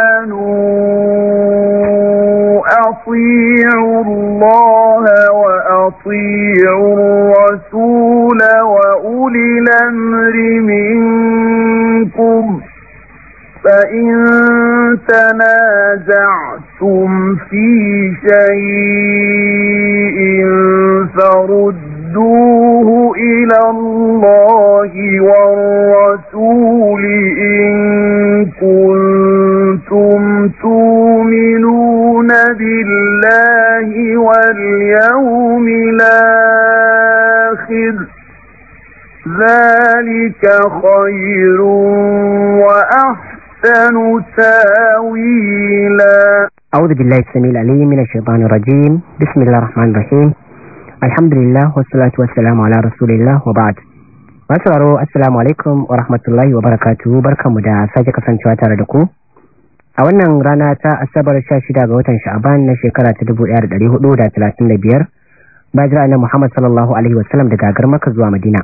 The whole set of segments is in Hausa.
آمنوا أطيعوا أعوذ بالله السميع العليم من الشيطان الرجيم بسم الله الرحمن الرحيم الحمد لله والصلاة والسلام على رسول الله وبعد assalamu alaikum wa rahmatullahi wa barakatuhu barkanmu da sake kasancewa tare da ku a wannan rana ta asabar 16 ga watan sha'aban na shekara ta 1435 bajira na muhammad sallallahu alaihi wasallam daga garmaka zuwa madina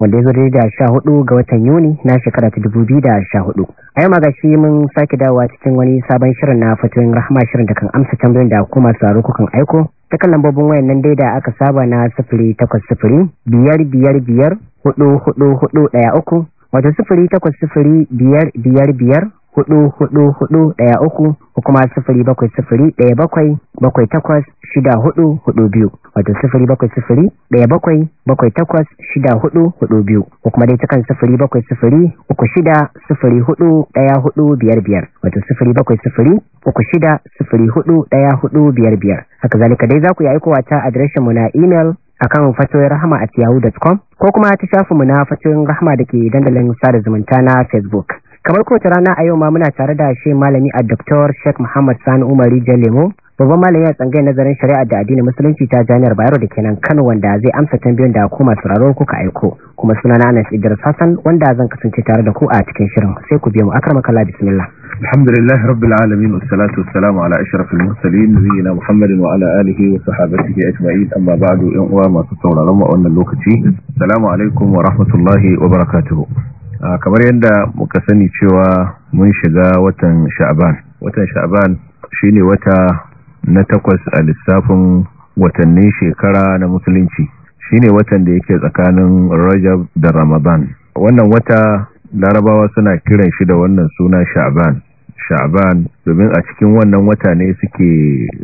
wanda ya zo da sha hudu ga watan yuni na shekara ta dubu biyu da sha hudu a yau magashi mun sake dawowa cikin wani sabon shirin na fatoyin rahama shirin da kan amsa tambayin da kuma tsaro kan aiko ta kan lambobin wayan nan dai da aka saba na sifiri takwas sifiri biyar biyar biyar hudu hudu hudu daya uku wato sifiri takwas sifiri biyar biyar biyar hudu hudu hudu daya uku ko kuma sifiri bakwai sifiri daya bakwai bakwai takwas shida hudu hudu biyu wato sifiri bakwai sifiri daya bakwai bakwai takwas shida hudu hudu biyu ko kuma dai takan sifiri bakwai sifiri uku shida sifiri hudu daya hudu biyar biyar wato sifiri bakwai sifiri uku shida sifiri hudu daya hudu biyar biyar haka zalika dai za ku yi aikowa ta mu na imel akan fatoyin rahama at yahoo.com ko kuma ta shafinmu na fatoyin rahama da ke dandalin sada zumunta na facebook kamar kowace rana a yau ma muna tare da shi malami a Dr. Sheikh Muhammad Sani Umar Jalemo babban malami a tsangayar nazarin shari'a da addinin musulunci ta jami'ar Bayero da kenan Kano wanda zai amsa tambayoyin da kuma sauraro kuka aiko kuma suna na Anas Idris Hassan wanda zan kasance tare da ku a cikin shirin sai ku biyo mu akrama kallah bismillah alhamdulillah rabbil alamin wassalatu wassalamu ala ashrafil mursalin nabiyina muhammadin wa ala alihi wa sahbihi ajma'in amma ba'du yan uwa masu sauraron mu a wannan lokaci assalamu alaikum wa rahmatullahi wa barakatuh kamar yadda muka sani cewa mun shiga watan sha'aban watan sha'aban shine wata na takwas a lissafin watannin shekara na musulunci shine watan da yake tsakanin rajab da ramadan wannan wata larabawa suna kiran shi da wannan suna sha'aban sha'ban domin a cikin wannan wata ne suke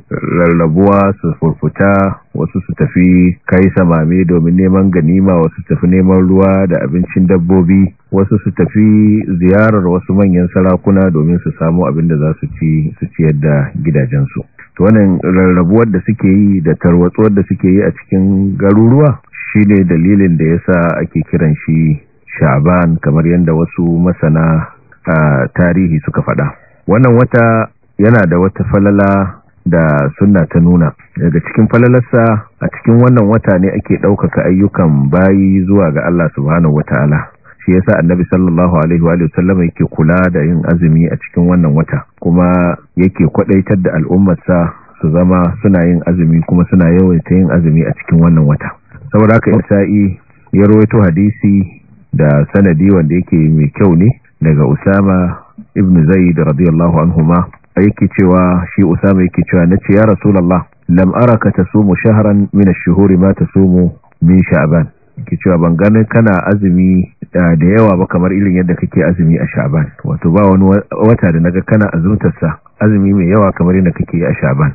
rarrabuwa su furfuta wasu su tafi kai samame domin neman ganima wasu tafi neman ruwa da abincin dabbobi wasu su tafi ziyarar wasu manyan sarakuna domin su samu abin da za su ci su ciyar da gidajensu to wannan rarrabuwar da suke yi da tarwatsuwar da suke yi a cikin garuruwa shine dalilin da ya yasa ake kiran shi sha'ban kamar yadda wasu masana a ah, tarihi suka faɗa wannan wata yana da wata falala da sunna ta nuna daga cikin falalarsa a cikin wannan wata ne ake ɗaukaka ayyukan bayi zuwa ga Allah subhanahu wataala shi yasa annabi sallallahu alaihi wa sallam yake kula da yin azumi a cikin wannan wata kuma yake kwadaitar da al'ummarsa su zama suna yin azumi kuma suna yawaita yin azumi a cikin wannan wata saboda haka isa'i ya rawaito hadisi da sanadi wanda yake mai kyau ne daga usama ibn zaid radiyallahu anhuma yake cewa shi usama yake cewa nace ya rasulullah lam araka tasumu shahran min ash-shuhuri ma tasumu min sha'ban yake cewa ban ganin kana azumi da yawa ba kamar irin yadda kake azumi a sha'ban wato ba wani wata da naga kana azumtar sa azumi mai yawa kamar yadda kake a sha'ban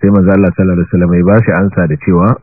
sai manzo Allah sallallahu alaihi wasallam ya bashi ansa da cewa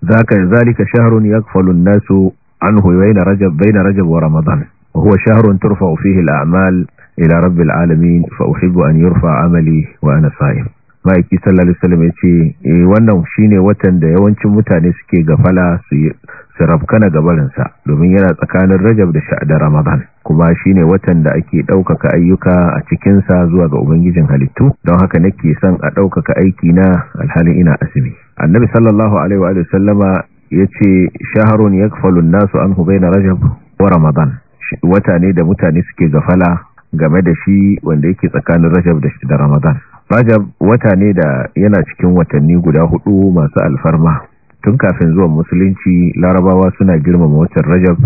zaka zalika shahrun yakfalu an-nasu anhu bayna rajab bayna rajab wa ramadan وهو شهر ترفع فيه الأعمال إلى رب العالمين فأحب أن يرفع عملي وأنا صائم ma'aiki sallallahu alaihi ya ce eh wannan shine watan da yawancin mutane suke gafala su rabkana gabarinsa domin yana tsakanin rajab da sha'da ramadan kuma shine watan da ake ɗaukaka ayyuka a cikinsa zuwa ga ubangijin halittu don haka nake son a ɗaukaka aiki na alhalin ina asibi annabi sallallahu alaihi wa sallama yace shahrun yakfalu an-nasu anhu bayna rajab wa ramadan wata ne da mutane suke gafala game da shi wanda yake tsakanin rajab da shi ramadan rajab wata ne da yana cikin watanni guda hudu masu alfarma tun kafin zuwan musulunci larabawa suna girmama watan rajab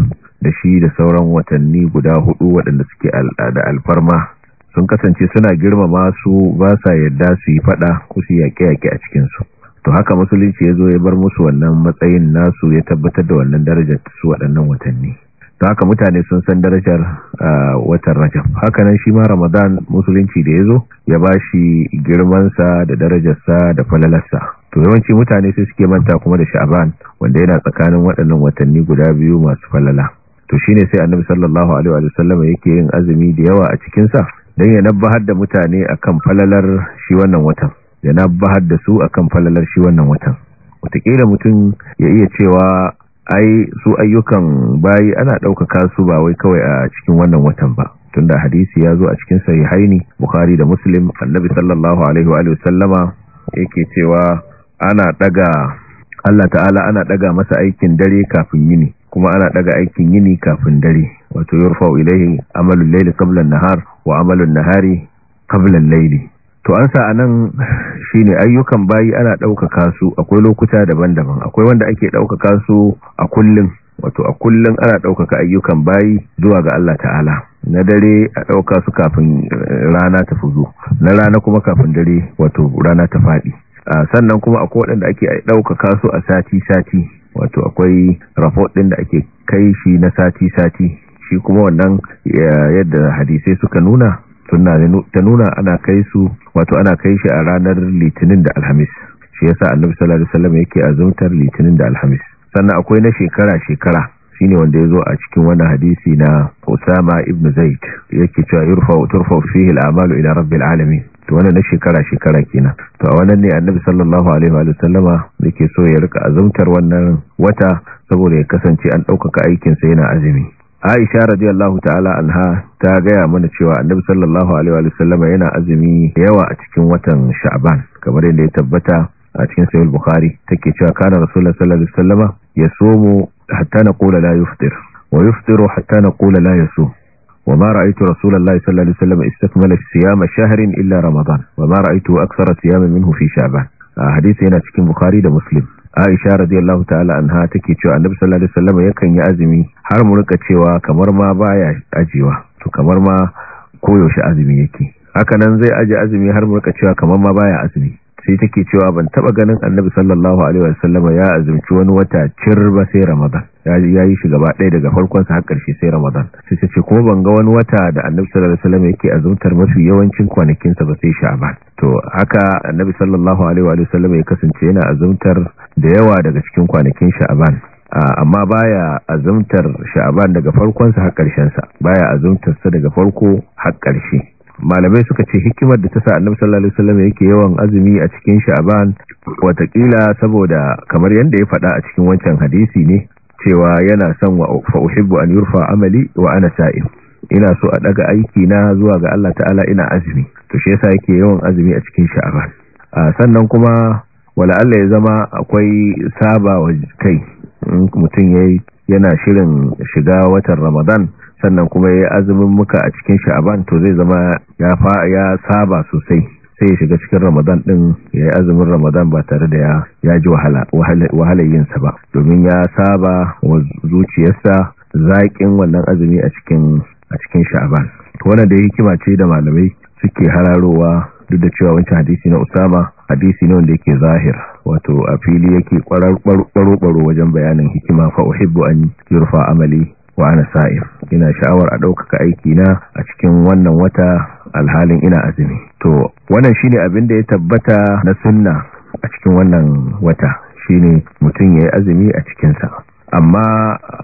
da shi da sauran watanni guda hudu waɗanda suke da alfarma sun kasance suna girmama su ba sa yadda su yi fada ku su yaƙe-yaƙe a cikinsu to haka musulunci ya zo ya bar musu wannan matsayin nasu ya tabbatar da wannan darajar su waɗannan watanni da haka mutane sun san darajar watan rajab hakanan shi ma ramadan musulunci da ya zo ya ba shi girmansa da darajarsa da falalarsa to yawanci mutane sai suke manta kuma da sha'aban wanda yana tsakanin waɗannan watanni guda biyu masu falala to shi ne sai annabi sallallahu alaihi wa sallam yake yin azumi da yawa a cikinsa. Don ya nabbahar da mutane akan falalar shi wannan watan ya nabbahar da su akan falalar shi wannan watan wataƙila mutum ya iya cewa ai su ayyukan bayi ana ɗaukaka su ba wai kawai a cikin wannan watan ba tunda hadisi ya zo a cikin sahihaini bukhari da muslim annabi sallallahu alaihi wa sallama yake cewa ana daga Allah ta'ala ana ɗaga masa aikin dare kafin yini kuma ana ɗaga aikin yini kafin dare wato yurfa ilaihi amalul laili qabla an-nahar wa amalun nahari qabla Laili. to an sa a nan shi ne, ayyukan bayi ana ɗaukaka su akwai lokuta daban-daban akwai wanda ake ɗaukaka su a kullum wato a kullum ana ɗaukaka ayyukan bayi zuwa ga Allah ta'ala na dare a ɗauka su kafin eh, rana ta fuzo na rana kuma kafin dare wato rana ta faɗi sannan kuma akwai waɗanda ake ɗaukaka su a sati-sati wato akwai rafot ɗin da ake kai shi na sati-sati shi kuma wannan yadda hadisai suka nuna ta nuna ana kai su wato ana kai shi a ranar litinin da alhamis shi yasa annabi sallallahu alaihi wasallam yake azumtar litinin da alhamis sannan akwai na shekara shekara shine wanda yazo a cikin wannan hadisi na Usama ibn Zaid yake cewa yurfa turfa fihi al-amalu ila rabbil alamin to wannan na shekara shekara kenan to a wannan ne annabi sallallahu alaihi wa sallama yake so ya rika azumtar wannan wata saboda ya kasance an ɗaukaka aikin sa yana azumi Aisha radiyallahu ta'ala anha ta gaya mana cewa Annabi sallallahu alaihi wa sallama yana azumi yawa a cikin watan Sha'ban kamar yadda ya tabbata a cikin Sahih Bukhari take cewa kana Rasulullah sallallahu alaihi wa sallama yasumu hatta naqula la yuftir wa yuftiru hatta naqula la yasum wa ma ra'aytu Rasulullah sallallahu alaihi wa sallama istakmala siyama shahrin illa Ramadan wa ma ra'aytu akthara siyaman minhu fi Sha'ban hadisi yana cikin Bukhari da Muslim Aisha radiyallahu ta'ala anha take cewa Annabi sallallahu alaihi wasallam yakan yi azumi har mu rika cewa kamar ma baya ajewa to kamar ma koyaushe azumi yake haka nan zai aje azumi har mu rika cewa kamar ma baya azumi sai take cewa ban taba ganin Annabi sallallahu alaihi wasallam ya azumci wani wata cirba sai Ramadan ya yi shi gaba ɗaya daga farkon sa har ƙarshe sai Ramadan sai ta ce ko ban ga wani wata da Annabi sallallahu alaihi wasallam yake azumtar mafi yawancin kwanakin sa ba sai Sha'ban to haka Annabi sallallahu alaihi wasallam ya kasance yana azumtar da yawa daga cikin kwanakin sha'aban amma baya azumtar sha'aban daga farkonsa har sa baya azumtarsa daga farko har karshe malamai suka ce hikimar da ta sa annabi sallallahu alaihi wasallam yake yawan azumi a cikin sha'aban. Wataƙila saboda kamar yanda ya faɗa a cikin wancan hadisi ne cewa yana son wa fa uhibbu an yurfa amali wa ana sa'im ina so a daga aiki na zuwa ga Allah ta'ala ina azumi to shi yasa yake yawan azumi a cikin sha'aban sannan kuma wala Allah ya zama akwai saba wa kai mutum yi yana shirin shiga watan Ramadan sannan kuma ya yi azumin muka a cikin Sha'aban to zai zama ya fa saba sosai sai ya shiga cikin Ramadan din yi azumin Ramadan ba tare da ya ji wahala yinsa ba domin ya saba wa zuciyarsa zaƙin wannan azumi a cikin Sha'aban wannan da hikima ce da malamai suke hararowa duk da cewa wancan hadisi na usama hadisi ne wanda yake zahir wato a fili yake ƙwararɓaro wajen bayanin hikima fa an yurfa amali wa ana sa'ir ina sha'awar a ɗaukaka aiki na a cikin wannan wata alhalin ina azumi to wannan shine abin da ya tabbata na sunna a cikin wannan wata shine mutum ya yi azumi a cikinsa. amma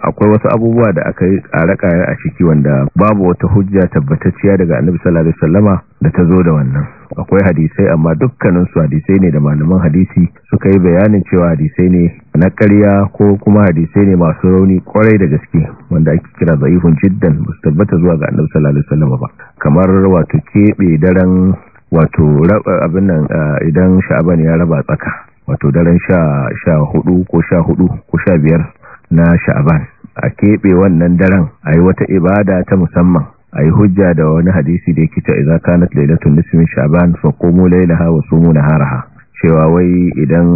akwai wasu abubuwa da aka yi ƙare-ƙare a ciki wanda babu wata hujja tabbatacciya daga annabi sallallahu alaihi wasallama da ta zo da wannan akwai hadisai amma dukkanin su hadisai ne da malaman hadisi suka yi bayanin cewa hadisai ne na ƙarya ko kuma hadisai ne masu rauni kwarai da gaske wanda ake kira zaifin jiddan ba su tabbata zuwa ga annabi sallallahu alaihi wasallam ba kamar wato kebe daren wato abin nan idan sha'aban ya raba tsaka wato daren sha hudu ko sha hudu ko sha biyar na sha'aban a keɓe wannan daren a yi wata ibada ta musamman a yi hujja da wani hadisi da yake ta iza kanat lailatul nisfin sha'ban fa qumu lailaha wa sumu naharaha cewa wai idan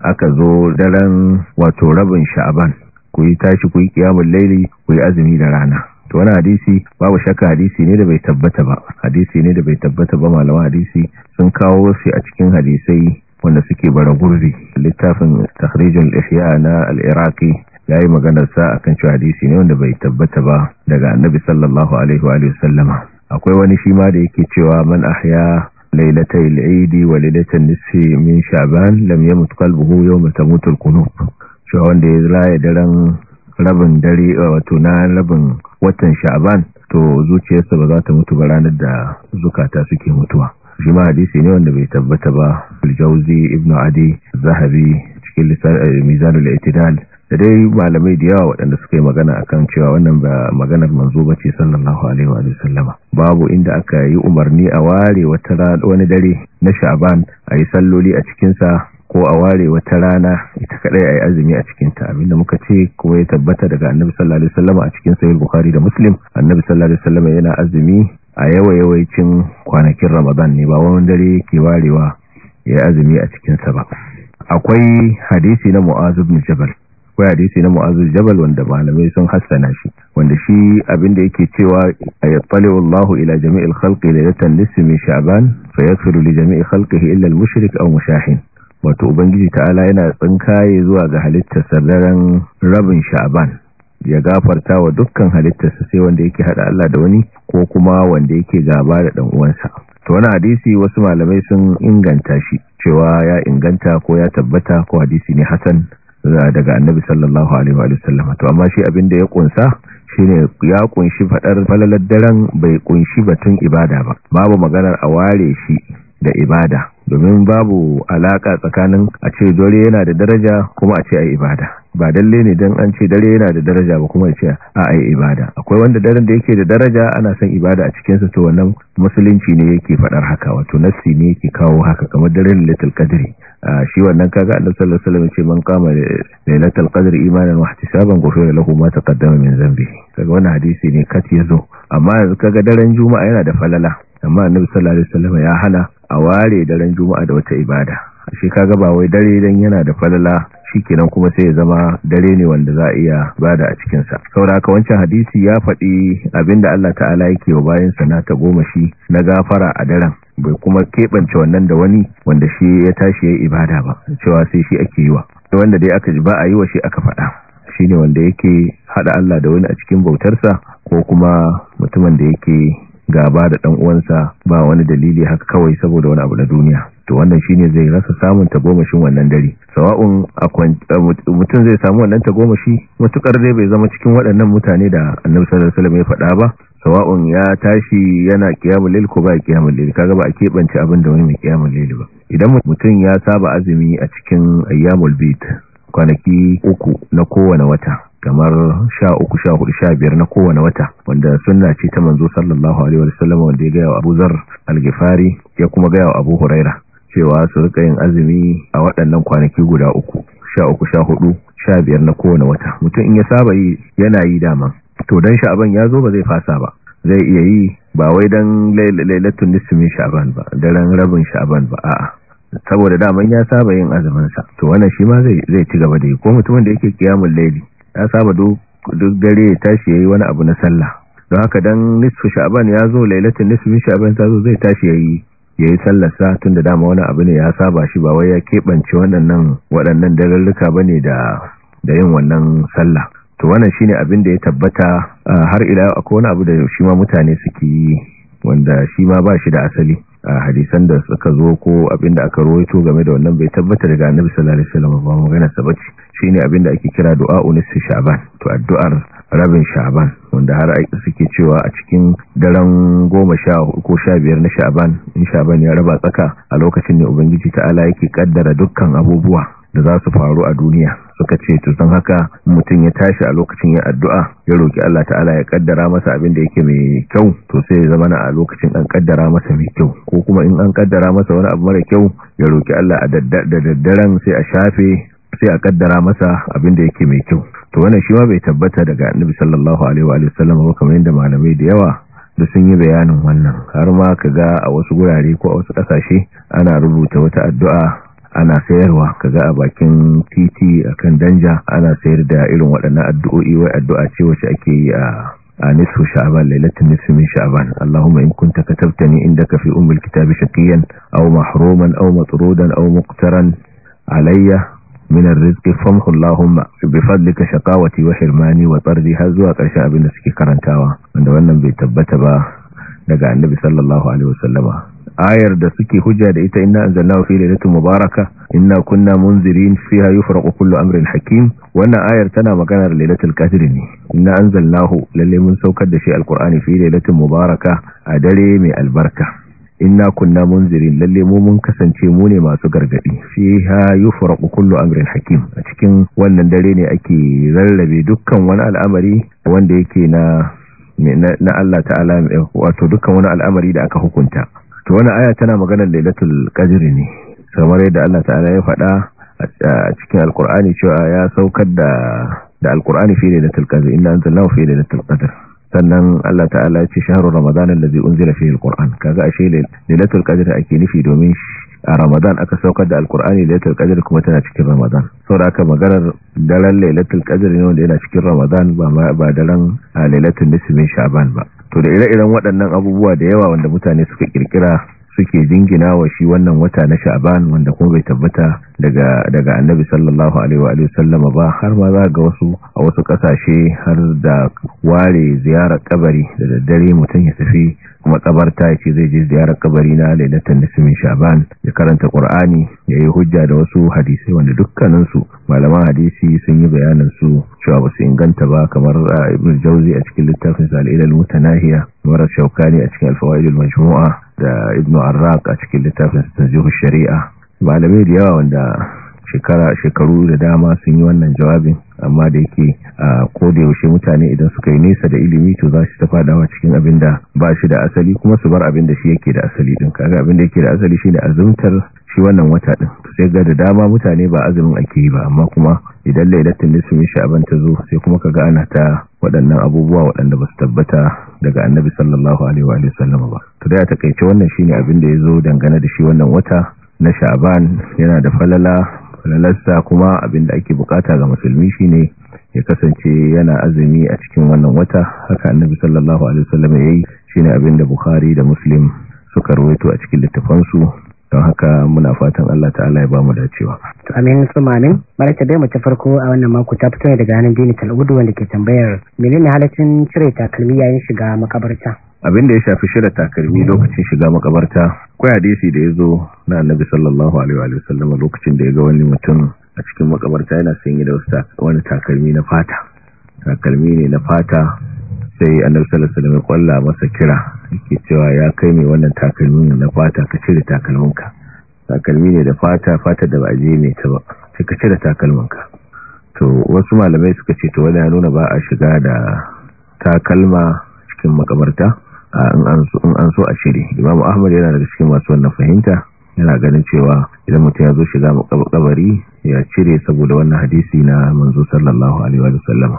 aka zo daren wato rabin sha'ban ku yi tashi ku yi qiyamul laili ku yi azumi da rana to wani hadisi babu shakka hadisi ne da bai tabbata ba hadisi ne da bai tabbata ba malaman hadisi sun kawo shi a cikin hadisai wanda suke bara gurbi littafin takhrijul ihya na al-iraqi ya yi maganarsa a kan cewa hadisi ne wanda bai tabbata ba daga annabi sallallahu alaihi wa sallama akwai wani shi ma da yake cewa man ahya lailatai aidi wa lailatan nisfi min sha'ban lam yamut qalbuhu yawma tamut al-qulub cewa wanda ya raya daren rabin dare eh, wato na rabin watan sha'ban to zuciyarsa ba za ta mutu ba ranar da zukata suke mutuwa shi ma hadisi ne wanda bai tabbata ba al al-jawzi Ibnu adi zahabi cikin eh, mizanul itidal da dai malamai da yawa waɗanda suka yi magana a kan cewa wannan ba maganar manzo ce sallallahu alaihi wa sallama babu inda aka yi umarni a ware wata wani dare na sha'aban a yi salloli a cikinsa ko a ware wata rana ita kadai yi azumi a cikin ta abinda muka ce kuma ya tabbata daga annabi sallallahu alaihi wasallam a cikin sahih bukhari da muslim annabi sallallahu alaihi yana azumi a yawayawaicin kwanakin ramadan ne ba wani dare ke warewa ya azumi a cikinsa ba akwai hadisi na mu'az ibn jabal akwai hadisi na mu'azu jabal wanda malamai sun hassana shi wanda shi abinda yake cewa ayyafali wallahu ila jami'il khalqi lailatan nisfi min sha'ban fa yaghfiru li jami'i khalqihi illa al-mushrik aw mushahin wato ubangiji ta'ala yana tsinkaye zuwa ga halittar sararin rabin sha'ban ya gafarta wa dukkan halittarsa sai wanda yake hada Allah da wani ko kuma wanda yake gaba da dan uwansa to wani hadisi wasu malamai sun inganta shi cewa ya inganta ko ya tabbata ko hadisi ne hasan daga annabi sallallahu alaihi wa sallam to amma shi abin da ya kunsa shine ya kunshi fadar falalar daren bai kunshi batun ibada ba babu maganar a ware shi da ibada domin babu alaka tsakanin a ce dare yana da daraja kuma a ce ai ibada ba dalle ne don an ce dare yana da daraja ba kuma a ce a ai ibada akwai wanda daren da yake da daraja ana son ibada a cikin sa to wannan musulunci ne yake faɗar haka wato nassi ne yake kawo haka kamar daren lailatul qadri shi wannan kaga annabi sallallahu alaihi wasallam ce man qama da qadri imanan wa ihtisaban ghufira lahu ma taqaddama min dhanbi kaga wannan hadisi ne kat yazo amma kaga daren juma'a yana da falala amma annabi sallallahu alaihi wasallam ya hana a ware daren juma'a da wata ibada shi kaga ba wai dare dan yana da falala shikenan kuma sai ya zama dare ne wanda za a iya bada a cikin sa sauraka wancan hadisi ya faɗi abinda Allah ta'ala yake wa bayan na, ta goma shi na gafara a daren bai kuma keɓance wannan da wani wanda shi ya tashi yayin ibada ba cewa sai shi ake yi wa wanda dai aka ji ba a yi wa shi aka faɗa shine wanda yake hada Allah da wani a cikin bautarsa ko kuma mutumin da yake gaba da dan uwansa ba wani dalili haka kawai saboda wani abu na duniya to wannan shine zai rasa samun tagomashin wannan dare sawa'un mutum zai samu wannan tagomashi matukar dai bai zama cikin waɗannan mutane da annabi sallallahu alaihi ya faɗa ba sawa'un ya tashi yana kiyamul lil ko ba kiyamul lil kaga ba a kebance abin da wani mai kiyamul lil ba idan mutum ya saba azumi a cikin ayyamul bit kwanaki uku na kowane wata kamar sha uku sha hudu sha biyar na kowane wata wanda suna ce ta manzo sallallahu alaihi sallam wanda ya gaya wa abuzar algifari ya kuma gaya wa Abu Huraira cewa su rika yin azumi a waɗannan kwanaki guda uku sha uku sha hudu sha biyar na kowane wata mutum in ya saba yi yana yi dama to dan sha'aban ya zo ba zai fasa ba zai iya yi ba wai dan lailatun nisfin sha'aban ba daren rabin sha'aban ba a'a saboda daman ya saba yin azumin sa to wannan shi ma zai zai ci gaba da yi ko mutumin da yake kiyamul laili ya saba duk dare ya tashi ya yi wani abu na sallah don haka don nisfu sha'ban ya zo lailatin nisfi sha'ban ta zo zai tashi ya yi sallasa sa tunda dama wani abu ne ya saba shi ba wai ya keɓance waɗannan waɗannan ba bane da yin wannan sallah to wannan shine abin da ya tabbata ah, har ila akwai wani abu da shi ma mutane suke yi wanda shi ma ba shi da asali hadisan da suka zo ko abinda aka rawaito game da wannan bai tabbata daga annabi sallallahu alaihi wasallam ba magana sabaci shine abinda ake kira du'a Unus sha'ban to addu'ar rabin sha'ban wanda har suke cewa a cikin daren 10 ko 15 na sha'ban in sha'ban ya raba tsaka a lokacin ne ubangiji ta'ala yake kaddara dukkan abubuwa da za su faru a duniya suka ce to san haka mutum ya tashi a lokacin ya addu'a ya roki Allah ta'ala ya kaddara masa abin da yake mai kyau to sai ya zama na a lokacin an kaddara masa mai kyau ko kuma in an kaddara masa wani abu mara kyau ya roki Allah a daddaren sai a shafe sai a kaddara masa abin da yake mai kyau to wannan shi ma bai tabbata daga annabi sallallahu alaihi wa sallam ba kamar yadda malamai da yawa da sun yi bayanin wannan har ma ka ga a wasu gurare ko a wasu kasashe ana rubuta wata addu'a ana sayarwa kaga a bakin titi akan danja ana sayar da irin waɗannan addu'o'i wai addu'a ce wacce ake yi a a nisfu sha'ban lailatul nisfi min sha'ban allahumma in kunta katabtani indaka fi ummul kitabi shaqiyan aw mahruman aw matrudan aw muqtaran alayya min arrizqi famhu allahumma bi fadlika shaqawati wa hirmani wa tardi har zuwa karshe abin da suke karantawa wanda wannan bai tabbata ba daga annabi sallallahu alaihi wasallama ayar da suke hujja da ita inna anzalnahu fi lailatin mubaraka inna kunna munzirin fiha yufraqu kullu amrin hakim wannan ayar tana maganar lailatul qadr ne inna anzalnahu lalle mun saukar da shi alqur'ani fi lailatin mubaraka a dare mai albarka inna kunna munzirin lalle mu mun kasance mu ne masu gargadi fiha yufraqu kullu amrin hakim a cikin wannan dare ne ake rarrabe dukkan wani al'amari wanda yake na na Allah ta'ala wato dukkan wani al'amari da aka hukunta to wani aya tana maganar lailatul qadri ne kamar yadda Allah ta'ala ya faɗa a cikin alqur'ani cewa ya saukar da da alqur'ani fi lailatul qadri inna anzalnahu fi lailatul qadr sannan Allah ta'ala ya ce shahru ramadan allazi unzila fi alkur'an kaga ashe lailatul qadr ake nufi domin a ramadan aka saukar da alkur'ani lailatul qadr kuma tana cikin ramadan saboda aka maganar daren lailatul qadr ne wanda yana cikin ramadan ba ba daren lailatul nisfin sha'ban ba to da ire-iren waɗannan abubuwa da yawa wanda mutane suka kirkira suke jingina wa shi wannan wata na sha'ban wanda kuma bai tabbata daga annabi sallallahu alaihi wa sallama ba har ma za ga wasu a wasu kasashe har da ware ziyarar kabari da daddare mutum ya tafi kuma kabarta ya ce zai je ziyarar kabari na lailatan nisfin shaban ya karanta qur'ani ya yi hujja da wasu hadisai wanda dukkaninsu malaman hadisi sun yi bayanan su cewa ba su inganta ba kamar ibn jauzi a cikin littafin al-ilal mutanahiya marar shaukani a cikin al majmua da ibn arraq a cikin littafin tanzihu shari'a malamai da yawa wanda shekaru da dama sun yi wannan jawabin amma da yake ko da yaushe mutane idan suka yi nesa da ilimi to za su ta fadawa cikin abin da ba shi da asali kuma su bar abin da shi yake da asali din kaga abin da yake da asali shi ne azumtar shi wannan wata din sai ga da dama mutane ba azumin ake yi ba amma kuma idan lailatul nisfi sha'ban ta zo sai kuma kaga ana ta waɗannan abubuwa waɗanda ba su tabbata daga annabi sallallahu alaihi wa sallam ba to da ya takeice wannan shine abin da ya zo dangane da shi wannan wata na sha'ban yana da falala falalarsa kuma abinda ake bukata ga musulmi shine ya kasance yana azumi a cikin wannan wata haka annabi sallallahu alaihi wasallam yayi shine abin da bukhari da muslim suka rawaito a cikin littafansu don haka muna fatan Allah ta'ala ya bamu dacewa to amin sumanin barka dai ta farko a wannan mako ta fito daga hannun dini tal'udu wanda ke tambayar menene halaccin cire takalmi yayin shiga makabarta abin da ya shafi shirye takalmi lokacin shiga makabarta akwai hadisi da ya zo na annabi sallallahu alaihi wa sallam lokacin da ya ga wani mutum a cikin makabarta yana sanye da wani takalmi na fata takalmi ne na fata sai annabi sallallahu alaihi wasallam ya kwalla masa kira yake cewa ya kai mai wannan takalmin na fata ka cire takalminka takalmi ne da fata fata da ba a je ta ba sai ka cire takalminka to wasu malamai suka ce to wani ya nuna ba a shiga da takalma cikin makabarta in an so a shiri imamu ahmad yana daga cikin masu wannan fahimta yana ganin cewa idan mutum ya zo shiga kabari ya cire saboda wannan hadisi na manzo sallallahu alaihi wa sallama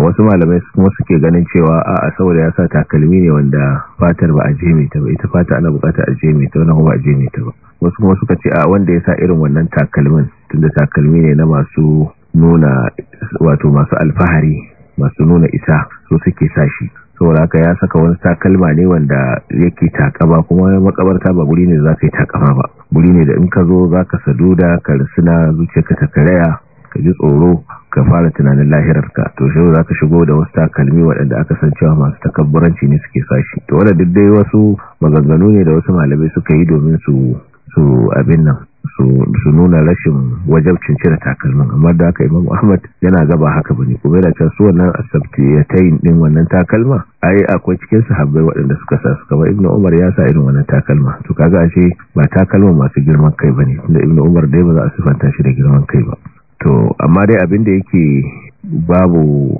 wasu malamai kuma suke ganin cewa a saboda ya sa takalmi ne wanda fatar ba a jeme ta ba ita fata ana bukata a jeme ta wani kuma a jeme ta ba wasu kuma suka ce a wanda ya sa irin wannan takalmin tunda takalmi ne na masu nuna wato masu alfahari masu nuna isa so suke sa shi saboda haka ya saka wani takalma ne wanda yake takama kuma makabarta ba guri ne za ka yi takama ba guri ne da in ka zo za ka saduda ka rasuna zuciyarka ta karaya ka ji tsoro ka fara tunanin lahirarka to shi za ka shigo da wasu takalmi waɗanda aka san cewa masu takabburanci ne suke sashi to wadda duk dai wasu maganganu ne da wasu malamai suka yi domin su su abin nan su nuna rashin wajabcin cire takalmin amma da aka imam ahmad yana gaba haka bane kuma yana cewa su wannan asabti ya tayin din wannan takalma ai akwai cikin sahabbai waɗanda suka sa su kamar ibnu umar ya sa irin wannan takalma to kaga ashe ba takalma masu girman kai bane tunda ibnu umar dai ba za a sifanta shi da girman kai ba to amma dai abin da yake babu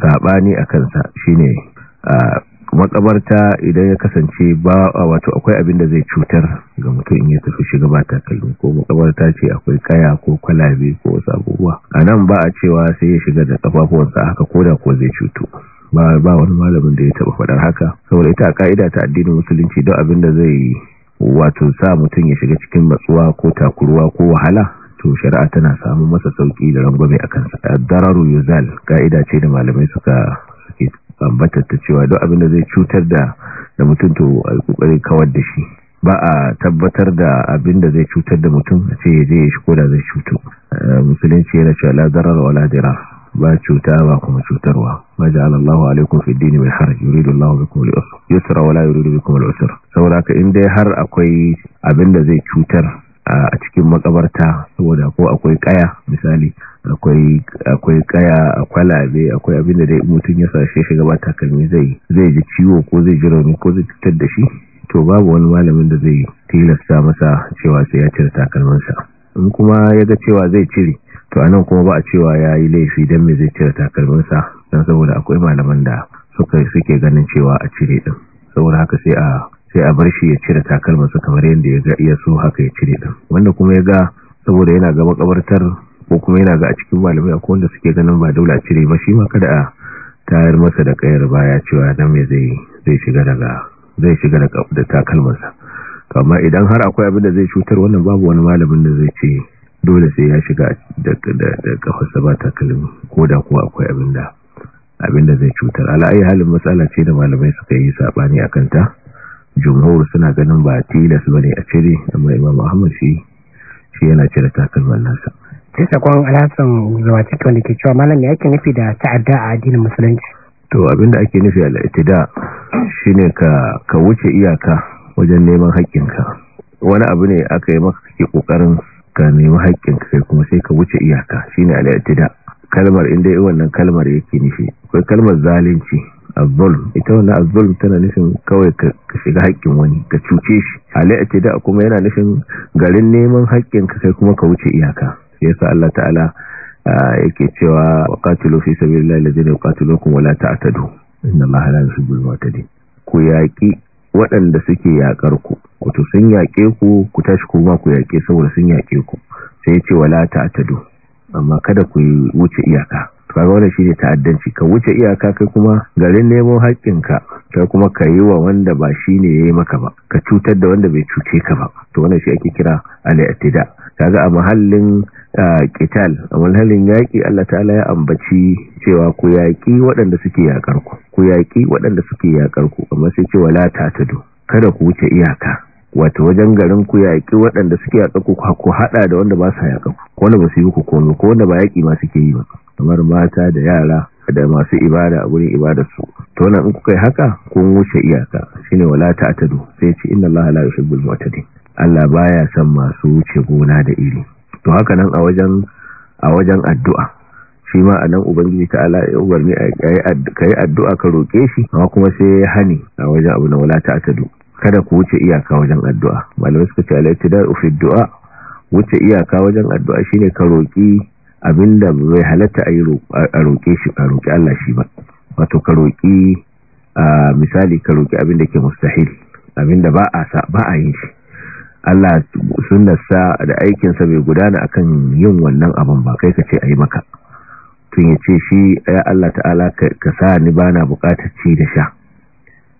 sabani a kansa shine ah, makabarta idan ya kasance ba wato akwai abin da zai cutar ga mutum in ya tafi shiga ba takalmi ko makabarta ce akwai kaya ko kwalabe ko wasu abubuwa a nan ba a cewa sai ya shiga da kafafuwansa haka ko da ko zai cutu ba ba wani malamin da ya taɓa faɗar haka saboda ita a ka'ida ta addinin musulunci don abin da zai wato sa mutum ya shiga cikin matsuwa ko takurwa ko wahala to shari'a tana samun masa sauki da rangwame a kansa dararu yuzal ka'ida ce da malamai suka tabbatar ta cewa duk abin da zai cutar da da mutum to kokari kawar da shi ba a tabbatar da abin da zai cutar da mutum a ce yaje ya ko da zai cutu eh, musulunci yana cewa la darar wala dira ba cuta ba kuma cutarwa ma ja Allahu alaikum fi dini wal harj yuridu Allahu bikum al-yusra wala yuridu bikum al-usra saboda haka in dai har akwai abin da zai cutar a cikin makabarta saboda ko akwai kaya misali akwai kaya a kwalabe akwai abin da dai mutum ya sashe shi ba takalmi zai zai ji ciwo ko zai ji rauni ko zai fitar da shi to babu wani malamin da zai tilasta masa cewa sai ya cire takalminsa in kuma ya ga cewa zai cire to anan kuma ba a cewa ya yi laifi don me zai cire takalminsa don saboda akwai malaman da suka suke ganin cewa a cire din saboda haka sai a sai a bar shi ya cire takalmansa kamar yadda ya ga iya so haka ya cire din wanda kuma ya ga saboda yana ga makabartar ko kuma yana ga a cikin malamai a wanda suke ganin ba dole a cire ba shi ma kada a tayar masa da kayar baya cewa dan me zai zai shiga daga zai shiga daga da takalmansa sa kamar idan har akwai abin da zai cutar wannan babu wani malamin da zai ce dole sai ya shiga da da kafarsa ba takalmi ko da kuwa akwai abin da abin da zai cutar ala'ayi halin matsala ce da malamai suka yi sabani akan ta jumhur suna ganin ba tilas bane a cire amma imam ahmad shi shi yana cire takalman nasa sai sakon alhassan zuwa cikin wanda ke cewa malam ya ake nufi da ta'adda a addinin musulunci to abinda ake nufi a la'itida shine ka ka wuce iyaka wajen neman haƙƙinka wani abu ne aka yi maka kake kokarin ka nemi haƙƙinka kai kuma sai ka wuce iyaka shine a la'itida kalmar inda yi wannan kalmar yake nufi akwai kalmar zalunci azzulm ita wannan azzulm tana nufin kawai ka shiga haƙƙin wani ka cuce shi alai ce da kuma yana nufin garin neman haƙƙin ka kai kuma ka wuce iyaka yasa Allah ta'ala yake cewa waqatilu fi sabilillahi alladhina yuqatilukum wala ta'tadu innallaha la yuhibbul mu'tadin ku yaqi waɗanda suke yaƙar ku ku to sun yake ku ku tashi kuma ku yake saboda sun yaƙe ku sai ya ce wala ta'tadu amma kada ku wuce iyaka kaga wannan shine ta'addanci ka wuce iyaka kai kuma garin nemo haƙƙinka kai kuma ka yi wa wanda ba shine yayi maka ba ka cutar da wanda bai cuce ka ba to wannan shi ake kira al-i'tida kaga a mahallin ah, qital a mahallin yaki Allah ta'ala ya ambaci cewa ku yaki waɗanda suke yakar ku ku yaki waɗanda suke yakar ku amma sai ce wala ta'tadu kada ku wuce iyaka wato wajen garin ku yaƙi waɗanda suke yaƙa ku ku haɗa da wanda ba sa yaƙa ku wanda ba su yi ku ko wanda ba yaƙi ma suke yi ba kamar mata da yara da masu ibada a gurin ibadarsu to nan in kuka yi haka kun wuce iyaka shine wala ta atadu sai ce inna allaha la yuhibbul mu'tadin Allah baya san masu wuce gona da iri to haka nan a wajen a wajen addu'a shi ma anan ubangiji ta'ala ya ka kai addu'a ka roƙe shi amma kuma sai ya hani a wajen abu na wala atadu kada ku wuce iyaka wajen addu'a malamai suka ce al ufi fi du'a wuce iyaka wajen addu'a shine ka roki abinda bai halatta a roƙe shi a roƙe Allah shi ba wato ka roƙi misali ka roƙi abinda ke mustahil abinda ba a sa ba a yi shi Allah sunnarsa da aikinsa bai gudana akan yin wannan abin ba kai ka ce ayi maka tun ya ce shi ya Allah ta'ala ka sa ni bana buƙatar ci da sha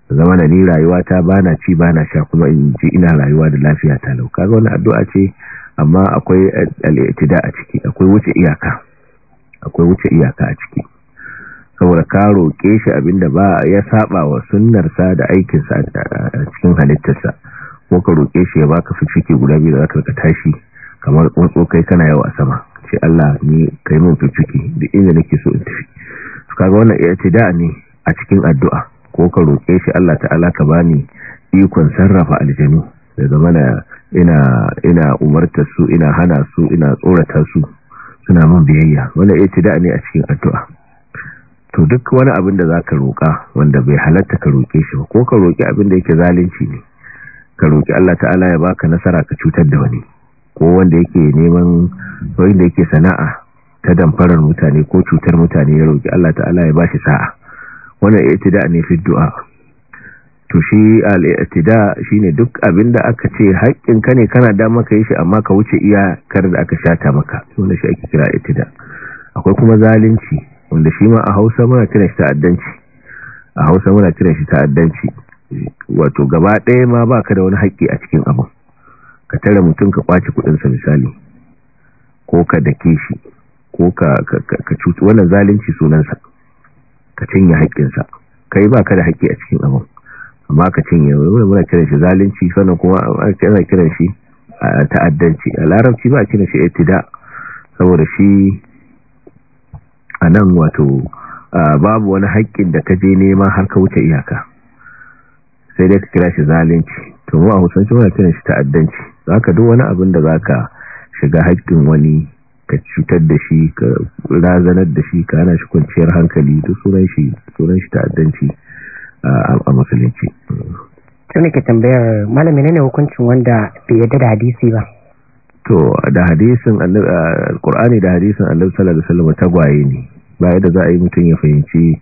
zama na ni rayuwa ta bana ci bana sha kuma in ji ina rayuwa da lafiya ta lau kaga wani addu'a ce amma akwai al'itida a ciki akwai wuce iyaka akwai wuce iyaka a ciki saboda ka roƙe shi abinda ba ya saba wa sunnarsa da aikinsa a cikin halittarsa ko ka roƙe shi ya baka ciki guda biyu da ka tashi kamar tsotso kai kana yawa sama ce Allah ni kai min fifike da inda nake so in tafi to kaga wannan i'tida ne a cikin addu'a ko ka roƙe shi Allah ta'ala ka bani ikon sarrafa aljanu Daga mana ina umarta su ina hana su ina tsorata su suna mun biyayya ita da ne a cikin addu'a to duk wani abin da za ka roƙa wanda bai halatta ka roƙe shi ba ko ka roƙi abin da yake zalunci ne ka roƙi Allah ta'ala ya baka nasara ka cutar da wani ko wanda yake neman wanda yake sana'a ta damfarar mutane ko cutar mutane ya roƙi Allah ta'ala ya ba shi sa'a wannan da ne fi du'a to shi al'itida shine duk abin da aka ce haƙƙin ka ne kana da ka yi shi amma ka wuce iya kar da aka shata maka wanda shi ake kira itida akwai kuma zalunci wanda shi ma a Hausa muna kiran shi ta'addanci a Hausa muna kiran shi ta'addanci wato gaba ɗaya ma baka da wani haƙƙi a cikin abu ka tare mutum ka kwace kuɗin sa misali ko ka dake shi ko ka ka cuci wannan zalunci sunansa ka cinye haƙƙinsa kai baka da haƙƙi a cikin abu amma ka cinye wani muna kiran shi zalunci sannan kuma ana kiran shi ta'addanci a larabci ba a kiran shi etida saboda shi a nan wato babu wani haƙƙin da ka je nema har ka wuce iyaka sai dai ka kira shi zalunci to ma a muna kiran shi ta'addanci za ka duk wani abin da za ka shiga haƙƙin wani ka cutar da shi ka razanar da shi ka hana shi kwanciyar hankali duk sunan shi ta'addanci a musulunci to nake tambayar malami ne hukuncin wanda bai yadda da hadisi ba to da hadisin alqur'ani da hadisin alaihi wasallam tagwaye ne ba yadda za a yi mutum ya fahimci